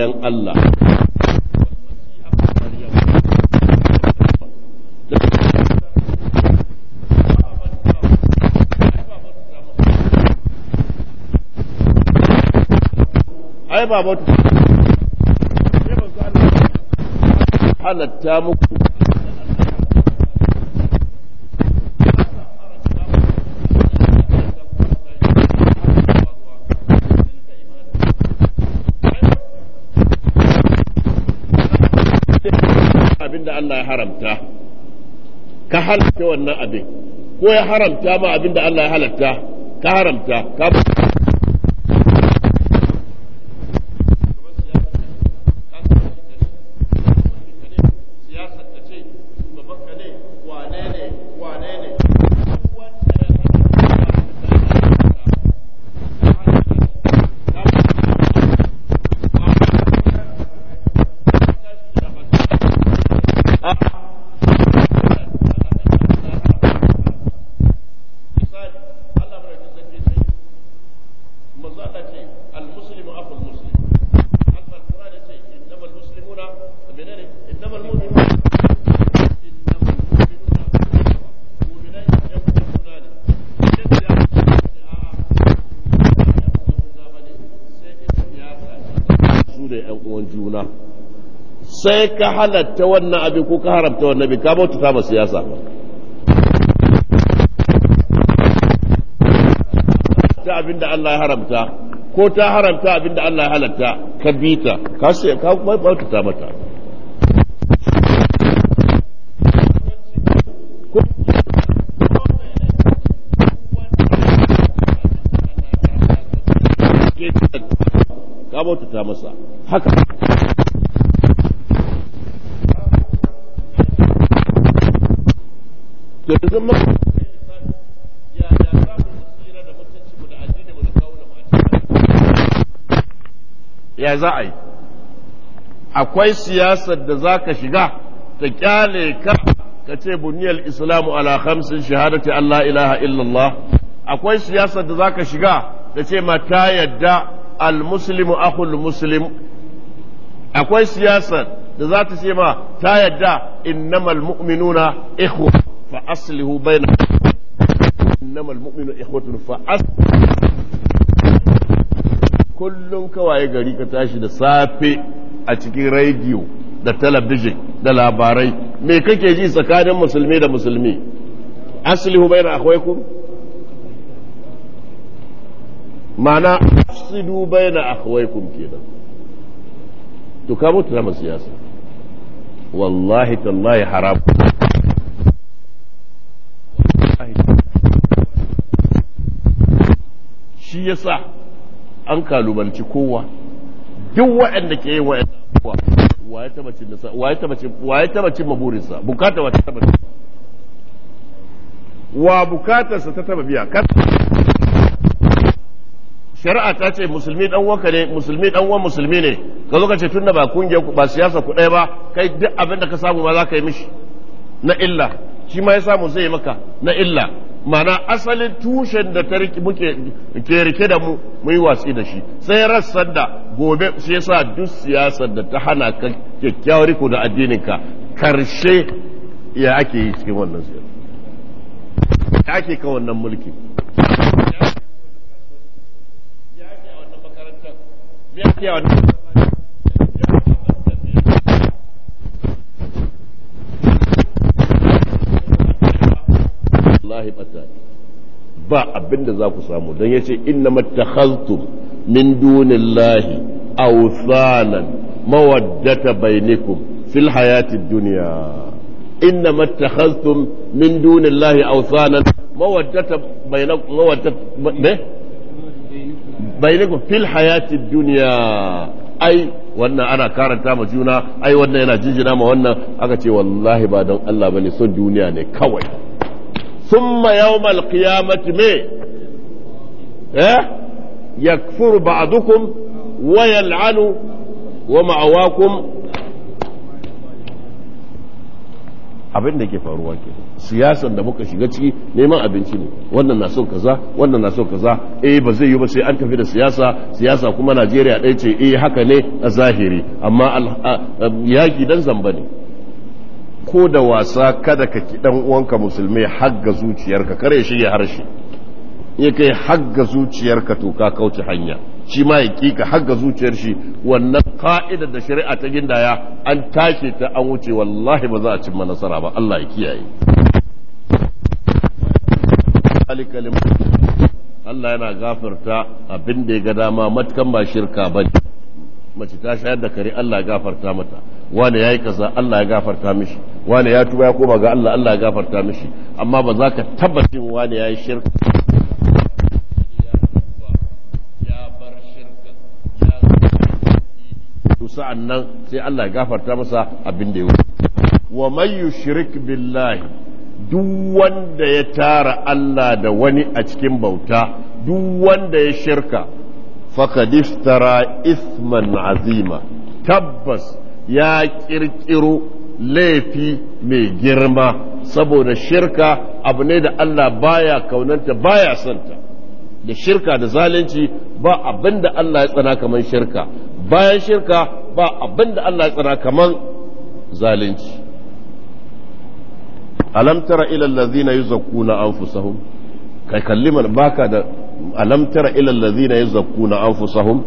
bayan Allah ai ba halatta muku Allah ya haramta ka halatta wannan abin ko ya haramta ma abin da Allah ya halatta ka haramta ka sai ka halatta wannan abin ko ka haramta wannan abin ka bauta ma siyasa ta abin da Allah ya haramta ko ta haramta abin da Allah ya halatta ka bita ka sai ka bauta ta mata ka bauta ta masa haka garin maka ya Ya za a yi akwai siyasar da za ka shiga ta kyale ka ka ce buniyar islamu ala hamsin shahadati Allah ilaha illallah akwai siyasar da za ka shiga ta ce mata yadda al-muslimu akul muslim akwai siyasar da za ta ce ma ta yadda innamal mu'minuna ikhwa fa aslihu bayna innamal mu'minu ikhwatun fa as kullun kawaye gari ka tashi da safe a cikin rediyo da talabijin da labarai me kake ji tsakanin musulmi da musulmi aslihu bayna akhwaykum ma'ana afsidu bayna akhwaykum kenan to ka mutu na siyasa wallahi tallahi haram shi yasa an kalubalci kowa duk waɗanda ke yi kowa wa waye taba cin maburinsa bukata wata taba wa bukatarsa ta taba biya kar shari'a ta ce musulmi dan uwanka ne musulmi dan uwan musulmi ne ka zo ka ce tunda ba kungiya ba siyasa ku ɗaya ba kai duk abin da ka samu ba za ka yi mishi na illa shi ma ya samu zai maka na illa mana asalin tushen da ta muke ke rike da mu mu yi watsi da shi sai rassan da gobe sai yasa duk siyasar da ta hana ka kyakkyawar riko da addininka karshe ya ake yi cikin wannan siyasa ya ake kan wannan mulki ya ake a wannan makarantar ya ake a wannan lahibatan ba abinda za ku samu don yace innamat takhaztum min dunillahi awsanan mawaddata bainakum fil hayatid dunya innamat takhaztum min dunillahi awsanan mawaddata bainakum mawaddata bainakum fil hayatid dunya ai wannan ana karanta ma juna ai wannan yana jinjina ma wannan aka ce wallahi ba don Allah bane son duniya ne kawai ثم يوم qiyamati me يكفر بعضكم ويلعن wa abin da ke faruwa ke siyasan da muka shiga ciki neman abinci ne wannan na son kaza wannan na son kaza eh ba zai yi ba sai an tafi da siyasa siyasa kuma najeriya ɗaya ce eh haka ne a zahiri amma yaki dan zamba ne ko da wasa kada ka ki dan uwanka musulmi hagga zuciyarka kare shi ya harshe ya kai hagga zuciyarka to ka kauce hanya shi ma ka har ga zuciyar shi wannan ka'ida da shari'a ta gindaya an tashi ta an wuce wallahi ba za a cimma nasara ba Allah ya kiyaye Allah yana gafarta abin da ya ga dama matkan ba shirka bane mace ta shayar da kare Allah ya gafarta mata wani ya yi kaza Allah ya gafarta mishi wani ya tuba ya koma ga Allah Allah ya gafarta mishi amma ba za ka tabbacin wani ya yi shirka sa'an nan sai Allah ya gafarta masa abin da ya wuce. Wa yi yushrik billahi duk wanda ya tara Allah da wani a cikin bauta, duk wanda ya shirka, faqad iftara isman azima tabbas ya ƙirƙiro laifi mai girma saboda shirka abu ne da Allah baya kaunanta baya santa da shirka da zalunci ba abin da Allah ya tsana kaman shirka bayan shirka ba abin da Allah ya tsana kaman zalunci alam tara ila allazina yuzakkuna anfusahum kai kalliman baka da alam tara ila allazina yazakkuna anfusahum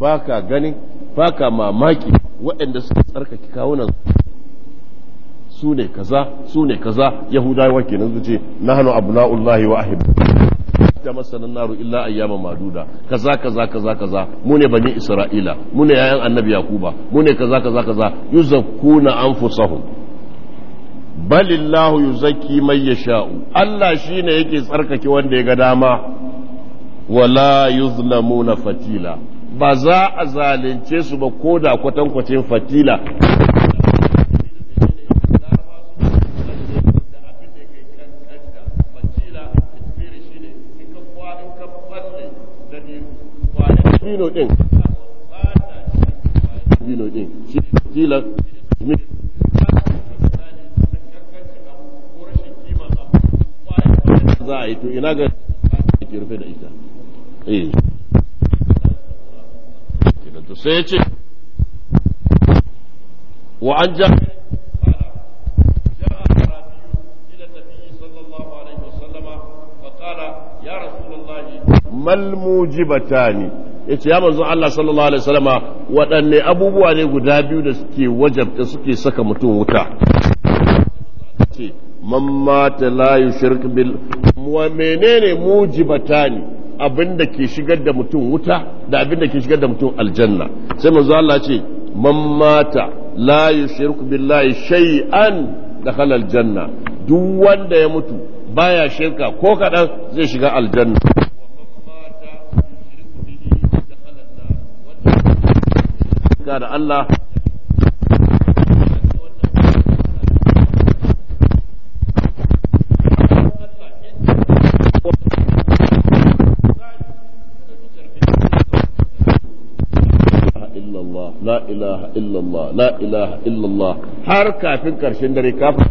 baka gani baka mamaki waɗanda suka tsarkake kawunan su ne kaza su ne kaza yahudawa kenan su ce nahnu abna'ullahi wa ahibbu ta masana naru illa ayyama maduda kaza kaza kaza kaza mu ne bani isra'ila mu ne yayan annabi yakuba mu ne kaza kaza kaza yuzakkuna anfusahum balillahu yuzakki mai yasha'u Allah shine yake tsarkake wanda ya ga dama wala yuzlamuna fatila ba za a zalunce su ba ko da kwatankwacin fatila Dino ɗin, shi za a yi to ina ga ke rufe da ita eh to sai ya ce wa an ja mal mujibatani yace ya manzo Allah sallallahu alaihi wasallama waɗanne abubuwa ne guda biyu da suke wajabta suke saka mutum wuta ce man mata la yushrik bil wa menene ne abinda ke shigar da mutum wuta da abinda ke shigar da mutum aljanna sai manzo Allah ce man mata la yushrik billahi shay'an dakhala aljanna duk wanda ya mutu baya shirka ko kadan zai shiga aljanna da Allah la ilaha illallah la ilaha illallah har kafin karshen dare kafin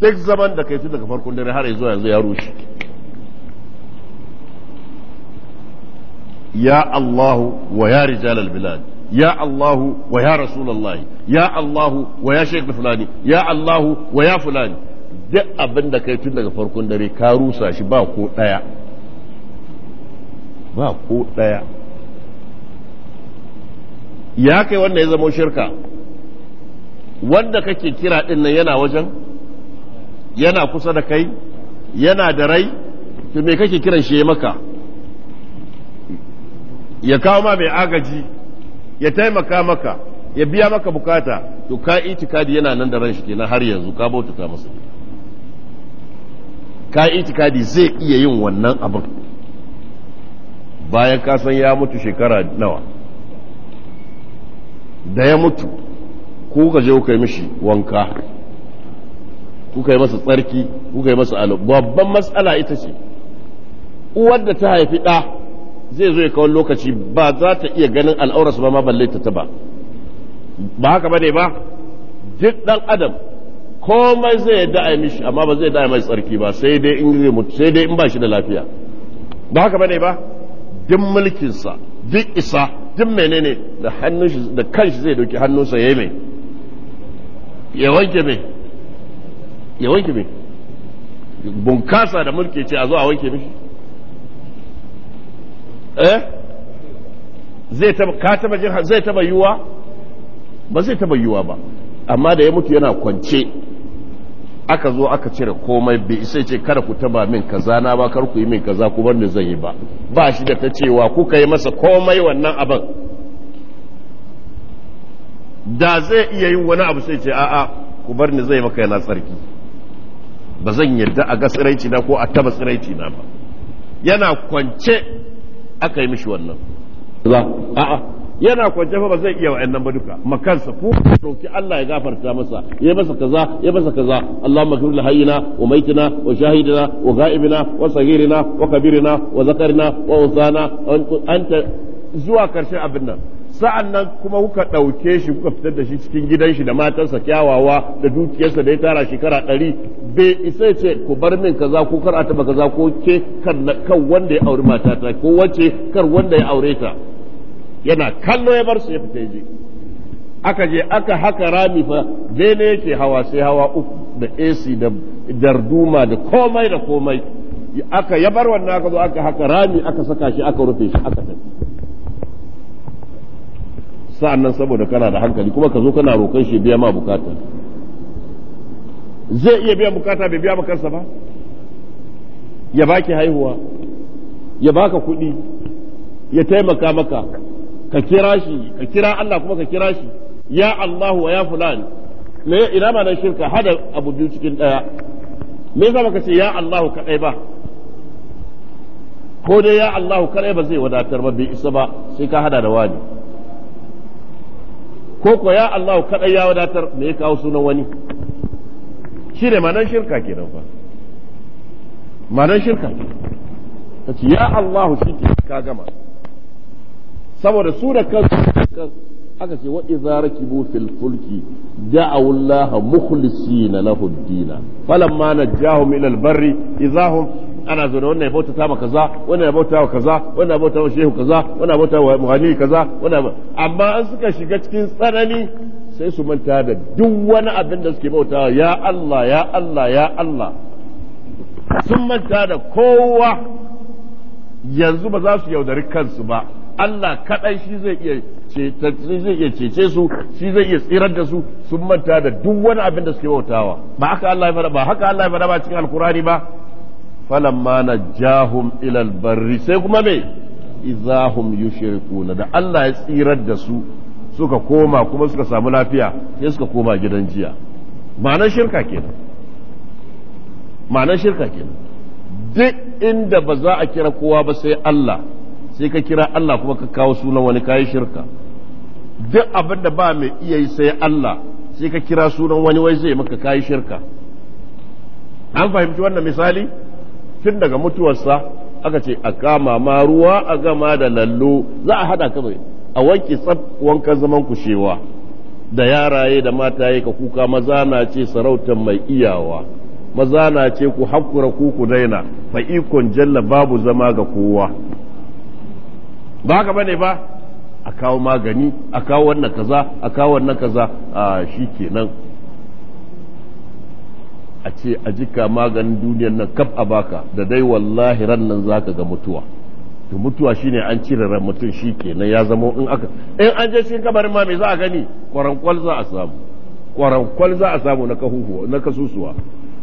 duk zaman da kai tun daga farkon dare har zuwa yanzu ya rushe ya Allahu wa ya rijalal bilad يا الله ويا رسول الله يا الله ويا شيخ Ya يا الله ويا فلان duk abin da kai tun daga farkon dare ka rusa shi ba ko ɗaya ba ko ɗaya ya kai wanda ya zama shirka wanda kake kira ɗin nan yana wajen yana kusa da kai yana da rai to me kake kiran shi maka ya kawo ma mai agaji ya taimaka maka ya biya maka bukata to ka itikadi yana nan da ran shi kenan har yanzu ka bautata masa ka itikadi zai iya yin wannan abin bayan ka san ya mutu shekara nawa da ya mutu ko ka je kai mishi wanka kuka yi masa tsarki kuka yi masa alu babban matsala ita ce uwar da ta haifi ɗa zai zo ya kawo lokaci ba za ta iya ganin al'aurarsa ba ma balle ta ba ba haka bane ba duk dan adam komai zai yadda a mishi amma ba zai da mai tsarki ba sai dai in zai mutu sai dai in ba shi da lafiya ba haka bane ba duk mulkinsa duk isa duk menene da hannun shi da kanshi zai dauki hannunsa yayi mai ya wanke mai ya wanke mai bunkasa da mulki ce a zo a wanke mishi eh zai taba ka taba jin zai taba yiwa ba zai taba yiwa ba amma da ya mutu yana kwance aka zo aka cire komai bai sai ce kada ku taba min kaza na ba kar ku yi min kaza ku bar ni zan yi ba ba shi da ta cewa kuka yi masa komai wannan abin da zai iya yin wani abu sai ce a'a ku bar ni zai maka yana tsarki ba zan yarda a ga tsiraici na ko a taba tsiraici na ba yana kwance aka yi mishi wannan a'a yana kwance fa ba zai iya wa'annan ba duka makansa ko dauki Allah ya gafarta masa ya masa kaza ya masa kaza Allahumma kfir hayyina wa maitina wa shahidina wa ghaibina wa saghirina wa kabirina wa zakarina wa usana anta zuwa karshen abin nan sa'an nan kuma kuka ɗauke shi kuka fitar da shi cikin gidan shi da matarsa kyawawa da dukiyarsa da ya tara shekara ɗari bai isa ce ku bar min kaza ko kar a taɓa kaza ko ke kan wanda ya auri matata ko wace kar wanda ya aure ta yana kallo ya bar su ya fita je aka je aka haka rami fa bene yake hawa sai hawa uku da AC da darduma da komai da komai aka ya bar wannan aka zo aka haka rami aka saka shi aka rufe shi aka tafi sa'an nan saboda kana da hankali kuma ka zo kana roƙon shi biya ma bukata zai iya biya bukata bai biya kansa ba ya baki haihuwa ya baka kuɗi ya taimaka maka ka kira shi ka kira Allah kuma ka kira shi ya Allahu wa ya fulan me ina ma nan shirka hada abu biyu cikin daya me yasa baka ce ya Allahu kadai ba ko dai ya Allahu kadai ba zai wadatar ba bai isa ba sai ka hada da wani ko ko ya Allah kadai ya wadatar me ya kawo sunan wani shi ne manan shirka kenan fa manan shirka kace ya Allah shi ke ka gama saboda su da kansu aka ce wa idza rakibu fil fulki da'aw Allah mukhlisina lahu ad-din falamma najahum ila al-barri idza ana zo da wannan ya bauta ta ma kaza wannan ya bauta wa kaza wannan ya bauta wa shehu kaza wannan ya bauta wa muhalli kaza wannan amma an suka shiga cikin tsanani sai su manta da duk wani abin da suke bauta ya Allah ya Allah ya Allah sun manta da kowa yanzu ba za su yaudari kansu ba Allah kaɗai shi zai iya shi zai iya cece su shi zai iya tsirar da su sun manta da duk wani abin da suke bautawa ba haka Allah ya fada ba haka Allah ya fada ba cikin alkurani ba falamma najahum ila albarri sai kuma me izahum yushrikuna da Allah ya tsirar da su suka koma kuma suka samu lafiya sai suka koma gidan jiya ma'anar shirka kenan ma'anar shirka kenan duk inda ba za a kira kowa ba sai Allah sai ka kira Allah kuma ka kawo sunan wani kayi shirka duk abin da ba mai iya yi sai Allah sai ka kira sunan wani wai zai maka kayi shirka an fahimci wannan misali tun daga mutuwarsa aka ce a kama ma ruwa a gama da lallo za a hada kawai a wanke tsaf wanka zaman kushewa da yaraye da mataye ka kuka maza na ce sarautar mai iyawa maza na ce ku hakura ku ku daina fa ikon jalla babu zama ga kowa ba ka bane ba a kawo magani a kawo wannan kaza a kawo wannan kaza a shikenan a ce a jika maganin duniyar nan kaf a baka da dai wallahi ran nan zaka ga mutuwa to mutuwa shine an cire ran mutum shikenan ya zama in aka in an je cikin kabarin ma me za a gani kwarankwal za a samu kwarankwal za a samu na kahuhuwa na kasusuwa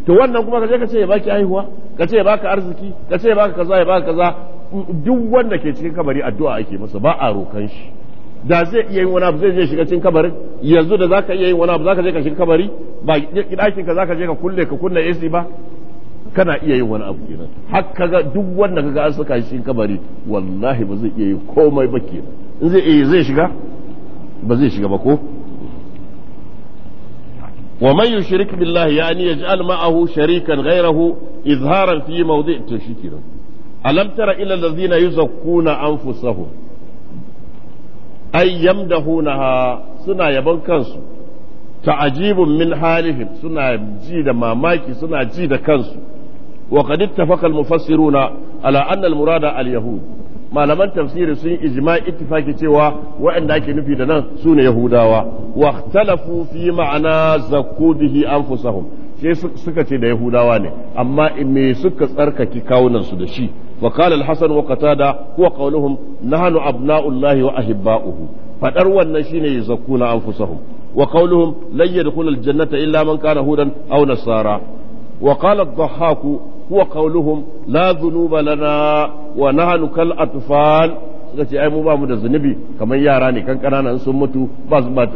to wannan kuma ka je ka ce ya baki haihuwa ka ce ya baka arziki ka ce ya baka kaza ya baka kaza duk wanda ke cikin kabari addu'a ake masa ba a rokan shi da zai iya yin wani abu zai je shiga cikin kabarin yanzu da zaka iya yin wani abu zaka je ka shiga kabari ba ɗakin ka zaka je ka kulle ka kunna AC ba kana iya yin wani abu kenan har kaga duk wanda kaga an saka shi cikin kabari wallahi ba zai iya yin komai ba kenan in zai iya zai shiga ba zai shiga ba ko ومن يشرك بالله يعني يجعل معه شريكا غيره إظهارا في موضع تشكيله alam tara ila allazina yuzakkuna anfusahum ay yamdahunaha suna yaban kansu Ta'ajibin min halihim suna ji da mamaki suna ji da kansu wa qad ittafaqa al-mufassiruna ala anna al-murada al-yahud malaman tafsiri sun ijma ittifaki cewa waɗanda ake nufi da nan suna yahudawa wa ikhtalafu fi ma'ana zakudihi bihi anfusahum sai suka ce da yahudawa ne amma me suka tsarkaki kawunan su da shi وقال الحسن وقتادة هو قولهم نحن أبناء الله وأحباؤه فدروا النشين يزكون أنفسهم وقولهم لن يدخل الجنة إلا من كان هودا أو نصارى وقال الضحاك هو قولهم لا ذنوب لنا ونحن كالأطفال suka ce ai mu ba mu da zunubi kamar yara ne kan ƙananan sun mutu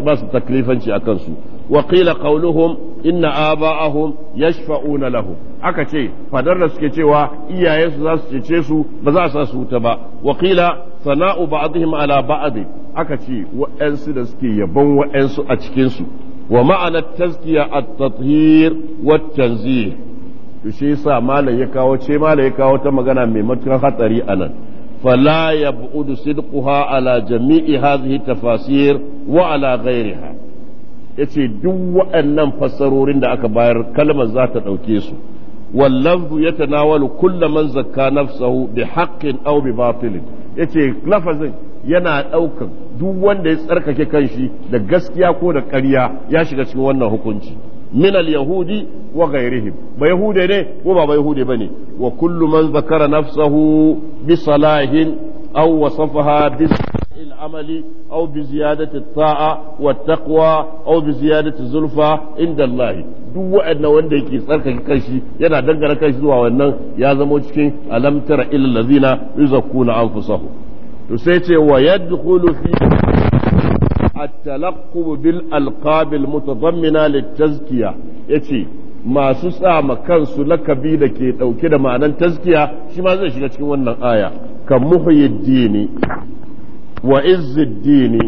ba su taklifanci a kansu وقيل قولهم إن آباءهم يشفعون lahu. aka ce fadar da suke cewa iyayensu su za su cece su ba za su su wuta ba wakila sana'u ba'dihim ala ba'd aka ce wa'ansu da suke yabon wa'ansu a cikin su wa ma'anar taskiya at-tathhir wa tanzih to shi yasa malai ya kawo ce malai ya kawo ta magana mai matukar hatsari anan fala yab'udu sidquha ala jami'i hadhihi tafasir wa ala ghayriha yace duk waɗannan fassarorin da aka bayar kalmar za ta ɗauke su wallafzu ya nawalu kulla man zakka nafsahu bi haqqin aw bi batilin yace lafazin yana ɗaukar duk wanda ya tsarkake kanshi da gaskiya ko da ƙarya ya shiga cikin wannan hukunci من اليهود وغيرهم بيهود ne وما بيهود بني وكل من ذكر نفسه بصلاح أو وصفها بصلاح العمل أو بزيادة الطاعة والتقوى أو بزيادة الزلفى عند الله duk waɗanda wanda yake tsarkake kanshi yana dangana kanshi zuwa wannan ya zamo cikin alam tara ilal ladzina yuzakkuna anfusahum to sai ce wa yadkhulu fi at-talaqqub bil alqab al mutadammina litazkiya yace masu tsama ma kansu lakabi da ke ɗauke da ma'anan taskiya shi ma zai shiga cikin wannan aya kan muhyiddini وعز الدين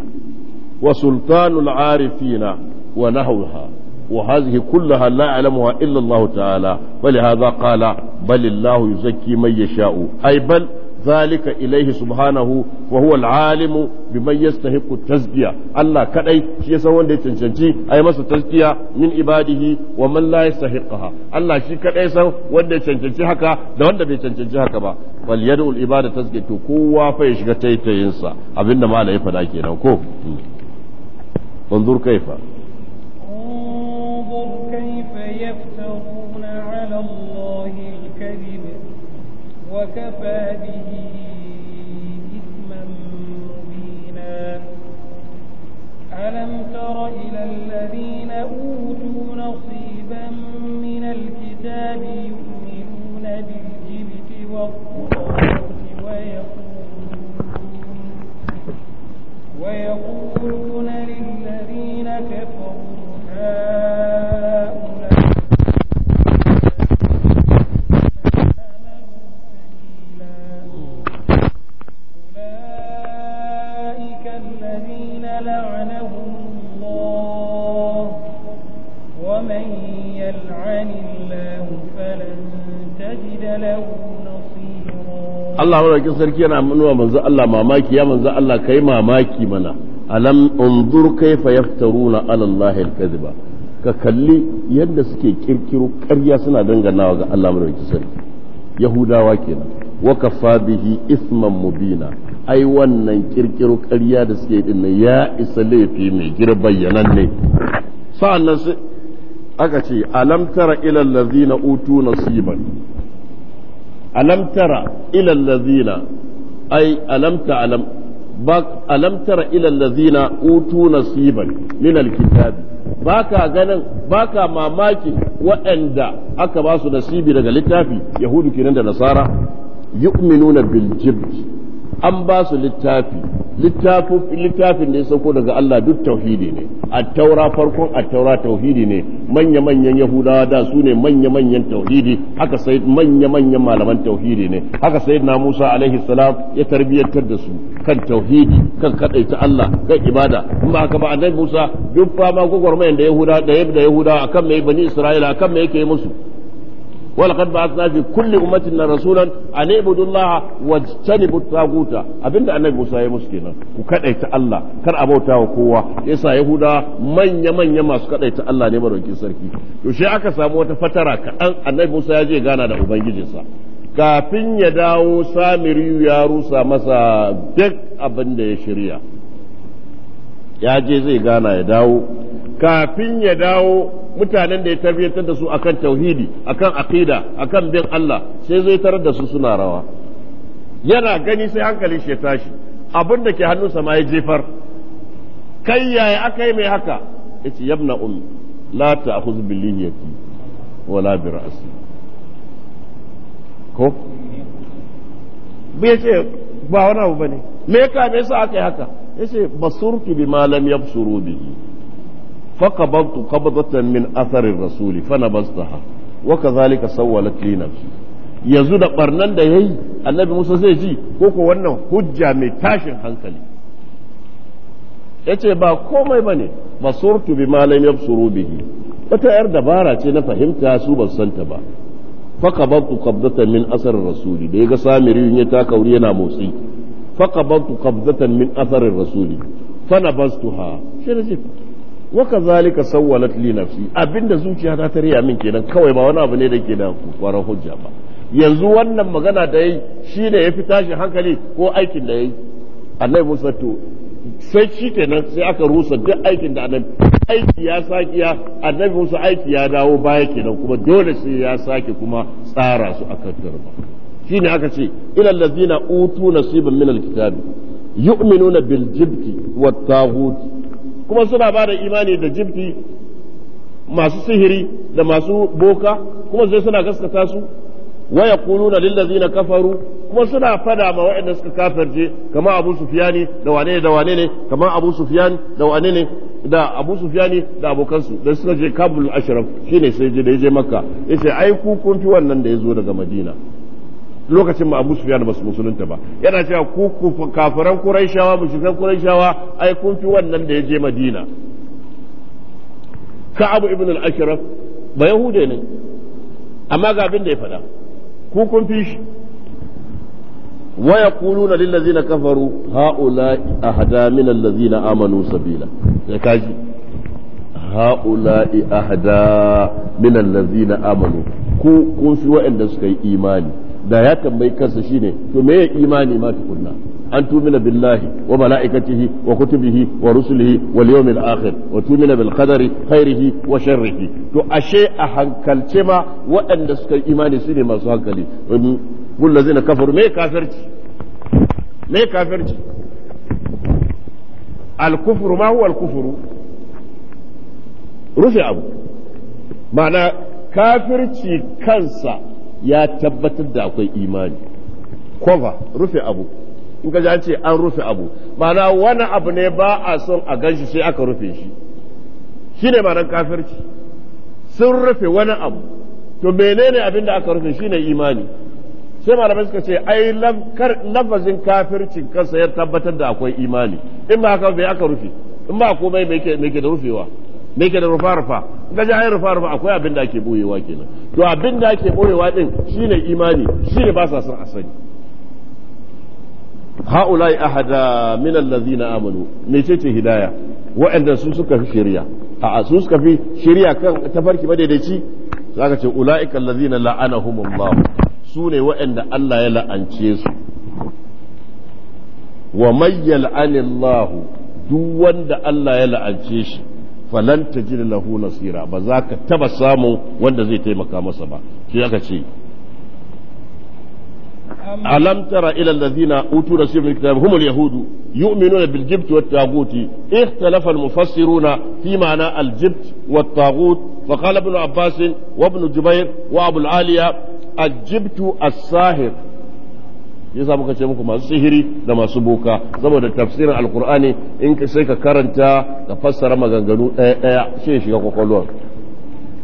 وسلطان العارفين ونحوها وهذه كلها لا يعلمها إلا الله تعالى ولهذا قال بل الله يزكي من يشاء أي بل zalika ilaihi subhanahu wa huwa al-alimu biman yastahiqu tazkiya Allah kadai shi yasa wanda ya cancanci ai masa tazkiya min ibadihi wa man la yastahiqaha Allah shi kadai san wanda ya cancanci haka da wanda bai cancanci haka ba wal yad'u al-ibada tazkiya kowa fa ya shiga taitayinsa abinda malai ya fada kenan ko انظر كيف انظر كيف يفترون على الله الكذب وكفى به ألم تر إلى الذين أوتوا نصيبا من الكتاب يؤمنون بالجبت والطاغوت ويقولون ويقولون للذين كفروا هؤلاء Allah نصيرا sarki yana سركي أنا من Allah mamaki ya يا Allah الله mamaki mana. منا ألم yaftaruna كيف يفترون على ka kalli yadda suke kirkiro ƙarya suna danganawa ga Allah madaukakin sarki yahudawa kenan wa kafa bihi isman mubina ai wannan kirkiro ƙarya da suke din ya isa laifi mai yanan ne sa'annan aka ce alam tara ila allazina utu nasiban alam tara na allazina ai alam ta'lam alam tara ila utu nasiban min alkitabi baka ganin baka mamaki waɗanda aka ba su nasibi daga littafi yahudu kenan da nasara yu'minuna bil jibt an ba su littafi littafin da ya sauko daga Allah duk tauhidi ne taura farkon taura tauhidi ne manya manyan yahudawa da su ne manya manyan tauhidi haka sai manya manyan malaman tauhidi ne haka sai na Musa alaihi salam ya tarbiyyantar da su kan tauhidi kan kadaita Allah kan ibada kuma ba haka ba annabi Musa duk fama gwagwarmayan da yahudawa da yahudawa akan mai bani Isra'ila akan mai yake musu walaqad ba'athna fi kulli ummatin rasulan an ibudu llaha wajtanibu taguta abinda annabi musa ya musu kenan. ku kadaita allah kar abauta wa kowa yasa yahuda manya manya masu kadaita allah ne barokin sarki to shi aka samu wata fatara kaɗan annabi musa ya je gana da ubangijinsa kafin ya dawo samiri ya rusa masa duk abinda ya shirya ya je zai gana ya dawo kafin ya dawo mutanen da ya tarbiyyantar da su akan tauhidi akan aqida akan bin Allah sai zai tarar da su suna rawa yana gani sai hankalin shi ya tashi abin da ke hannun ma ya jefar kai yaya aka yi mai haka Ya ce yabna ummi la ta'khudh bi lihiyati wala bi ra'si ko bai ce ba wani abu bane me ka me yasa aka yi haka yace basurtu bi malam lam yabsuru bihi فقبضت قبضة من أثر الرسول فنبذتها وكذلك سولت لي نفسي yanzu da barnan da ya yi annabi musa zai ji ko ko wannan hujja mai tashin hankali ya ce ba komai ba ne basurtu bi malam ya bihi wata yar dabara ce na fahimta su ba santa ba faqabantu kabdatan min asarin rasuli da yaga samiri ya ta kauri yana motsi faqabantu kabdatan min asarin rasuli fa nabastuha shi ne wa zalika sawwalat li nafsi abinda zuciya ta tarya min kenan kawai ba wani abu ne da ke da kwaran hujja ba yanzu wannan magana da shi shine ya fi tashi hankali ko aikin da yayi annabi Musa to sai shi kenan sai aka rusa duk aikin da annabi aiki ya sakiya annabi Musa aiki ya dawo baya kenan kuma dole sai ya sake kuma tsara su akan turba shine aka ce ilal ladina utu nasiban min alkitabi yu'minuna bil jibti wat taghut kuma suna ba da imani da jibti masu sihiri da masu boka kuma sai suna gaskata su waya kununa lil na kafaru kuma suna fada ma waɗanda suka kafirce kamar Abu sufiyani da wane ne da wane ne kamar Abu sufiyan da wane ne da Abu sufiyani da abokansu da suka je Kabul Ashraf shine sai je da je Makka yace ai ku kun fi wannan da ya zo daga Madina lokacin ma Abu Sufyan ba su musulunta ba yana cewa ku kafiran Qurayshawa mushrikan Qurayshawa ai kun fi wannan da ya je Madina Ka'ab ibn al-Ashraf ba Yahude ne amma ga abin da ya faɗa ku kun fi shi wa yaquluna lil ladzina kafaru haula ahda min allazina amanu sabila ya kaji haula ahda min allazina amanu ku kun fi wa'anda suka yi imani da ya tambayi kansa shine to meye imani ma tukunna an tumina billahi wa malaikatihi wa kutubihi wa rusulihi wal yawmil akhir wa tumina bil qadari khairihi wa sharrihi to ashe a hankalce ma waɗanda suka yi imani su ne masu hankali kullu zina kafaru me kafirci me kafirci al kufru ma huwa al kufru rufe abu ma'ana kafirci kansa ya tabbatar da akwai imani cover rufe abu in ka ce an rufe abu ma'ana wani abu ne ba a son a ganshi sai aka rufe shi shine ma'anar kafirci sun rufe wani abu to menene abin da aka rufe shi ne imani sai malamai suka ce ai lafazin kafircin kansa ya tabbatar da akwai imani in ba haka bai aka rufe in ba komai mai ke da rufewa me ke da rufa rufa ga jayin rufa rufa akwai abin da ake boyewa kenan to abin da ake boyewa din shine imani shine ba sa son a sani ha'ulai ahada min allazina amanu ce hidaya wa'anda su suka fi shari'a a su suka fi shari'a kan tafarki madaidaici zaka ce ula'ika allazina la'anahumullah su ne wa'anda Allah ya la'ance su wa mayyal anillahu duk wanda Allah ya la'ance shi falan ta ji lahu nasira ba za ka taɓa samu wanda zai taimaka masa ba shi aka ce alam tara ila alladhina utu rasul min kitab humul yahudu yu'minuna bil jibt wat taghut ikhtalafa al mufassiruna fi ma'na al jibt wat taghut fa qala abbas wa ibn jubayr wa abu al yasa muka ce muku masu sihiri da masu boka saboda tafsirin alkur'ani in sai ka karanta ka fassara maganganu ɗaya ɗaya sai shiga kwakwalwar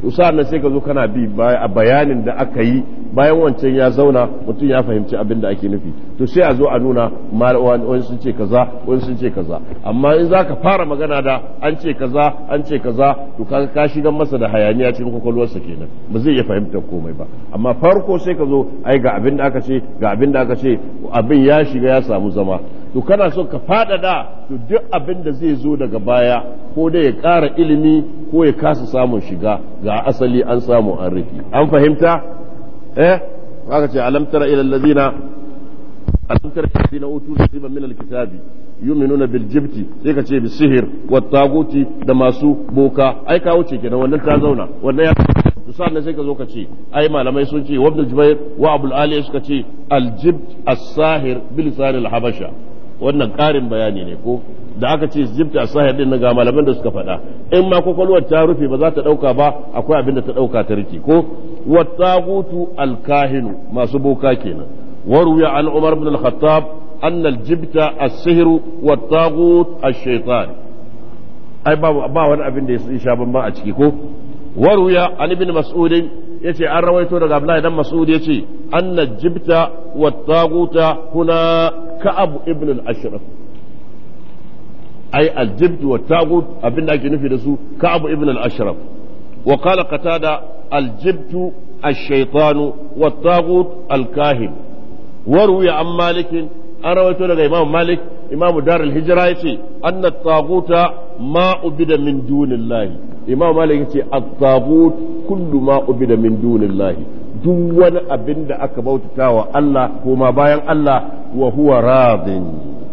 to sa'an nan sai ka zo kana bi a bayanin da aka yi bayan wancan ya zauna mutum ya fahimci abin da ake nufi to sai a zo a nuna wani sun ce kaza wani sun ce kaza amma in za ka fara magana da an ce kaza an ce kaza to ka shiga masa da hayaniya cikin kwakwalwarsa kenan ba zai iya fahimtar komai ba amma farko sai ka zo ai ga abin da aka ce ga abin da aka ce abin ya shiga ya samu zama to kana so ka faɗaɗa to duk abin da zai zo daga baya ko dai ya ƙara ilimi ko ya kasa samun shiga ga asali an samu an rufi an fahimta eh haka ce alam tara ila allazina alam tara ila allazina utu nasiban min alkitabi yu'minuna bil jibti sai ka ce bi sihir wa taguti da masu boka ai ka wuce kenan wannan ta zauna wannan ya misalin sai ka zo ka ce ai malamai sun ce wabda jubair wa abul ali suka ce aljibt as-sahir bilisan al-habasha wannan ƙarin bayani ne ko da aka ce jibta sahih din ga malaman da suka faɗa in ma kwakwalwar ta rufe ba za ta ɗauka ba akwai abin da ta ɗauka ta rike ko wattagutu alkahinu masu boka kenan waruya an umar bin al-khattab anna aljibta as-sihr wattagut ash-shaytan ai ba ba wani abin da ya sha ban ba a ciki ko waruya an ibn mas'ud yace an rawaito daga Abdullahi dan Mas'ud yace anna jibta wa taguta huna Ka'ab ibn al-Ashraf ai al-jibt wa tagut abin da ake nufi da su Ka'ab ibn al-Ashraf wa qala qatada al-jibt الشيطان والطاغوت الكاهن وروي عن مالك أرويته لك إمام مالك إمام دار الهجرة أن الطاغوت ما أبد من دون الله imam malik ce at-tabut kullu ma ubida min dunillahi duk wani abin da aka bautata wa Allah ko ma bayan Allah wa huwa radin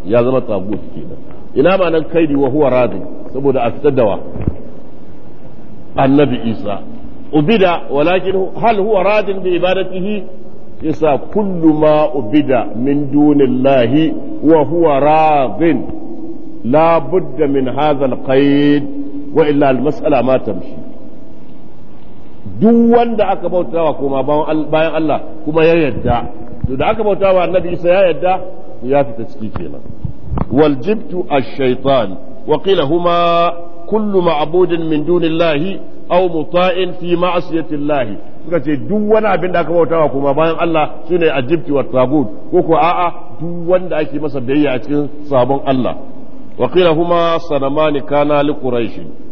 ya zama tabut kenan ina ma nan kaidi wa huwa radin saboda a fitar da wa annabi isa ubida walakin hal huwa radin bi ibadatihi yasa kullu ma ubida min dunillahi wa huwa radin la budda min hadha al-qaid wa illa al-mas'ala ma tamshi duk wanda aka bautawa wa bayan Allah kuma ya yadda to da aka bautawa annabi Isa ya yadda ya fita ciki kenan wal jibtu ash-shaytan wa qila huma kullu ma'budin min dunillahi aw muta'in fi ma'siyati llahi suka ce duk wani abin da aka bautawa kuma bayan Allah shine ajibti wa tagut ko ko a'a duk wanda ake masa biyayya a cikin sabon Allah huma sanamani kana li لقريش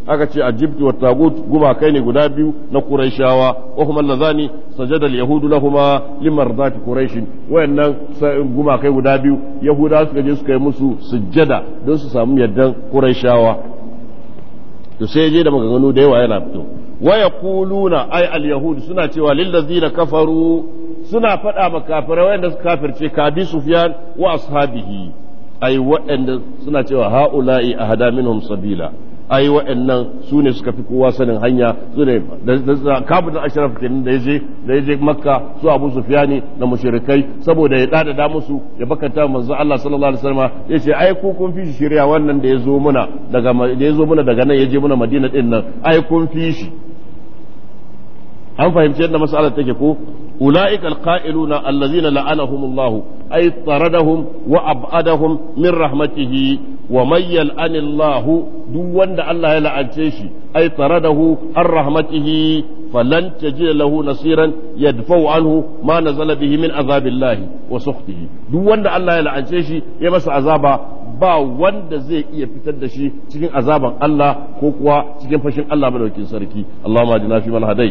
aka ce a jibti wa tagut gumakai ne guda biyu na quraishawa wa huma allazani sajada al-yahudu lahuma limardati Quraysh wayannan gumakai guda biyu yahuda suka je suka yi musu sujjada don su samu yardan quraishawa to sai je da maganganu da yawa yana fito wa yaquluna ay al-yahud suna cewa lil ladzina kafaru suna faɗa makafirai wayanda suka kafirce kabi sufyan wa ashabihi ay waɗanda suna cewa ha'ula'i a hada minhum sabila ay waɗannan su ne suka fi kowa sanin hanya su ne da kabu da ashraf kenan da yaje da yaje makka su abu sufyani da mushrikai saboda ya dada da musu ya bakanta manzo Allah sallallahu alaihi wasallam yace ai ko kun fi shirya wannan da yazo muna daga da yazo muna daga nan yaje muna madina din nan ai kun fi shi an fahimci yadda mas'alar take ko أولئك القائلون الذين لعنهم الله أي طردهم وأبعدهم من رحمته ومن يلعن الله دون الله يلعن شيء أي طرده عن رحمته فلن تجد له نصيرا يدفع عنه ما نزل به من عذاب الله وسخطه دون الله يلعن شيء يمس عذابا ba wanda zai iya fitar da shi cikin azaban Allah ko kuwa cikin fashin Allah madaukin sarki Allahumma ajina fi man hadai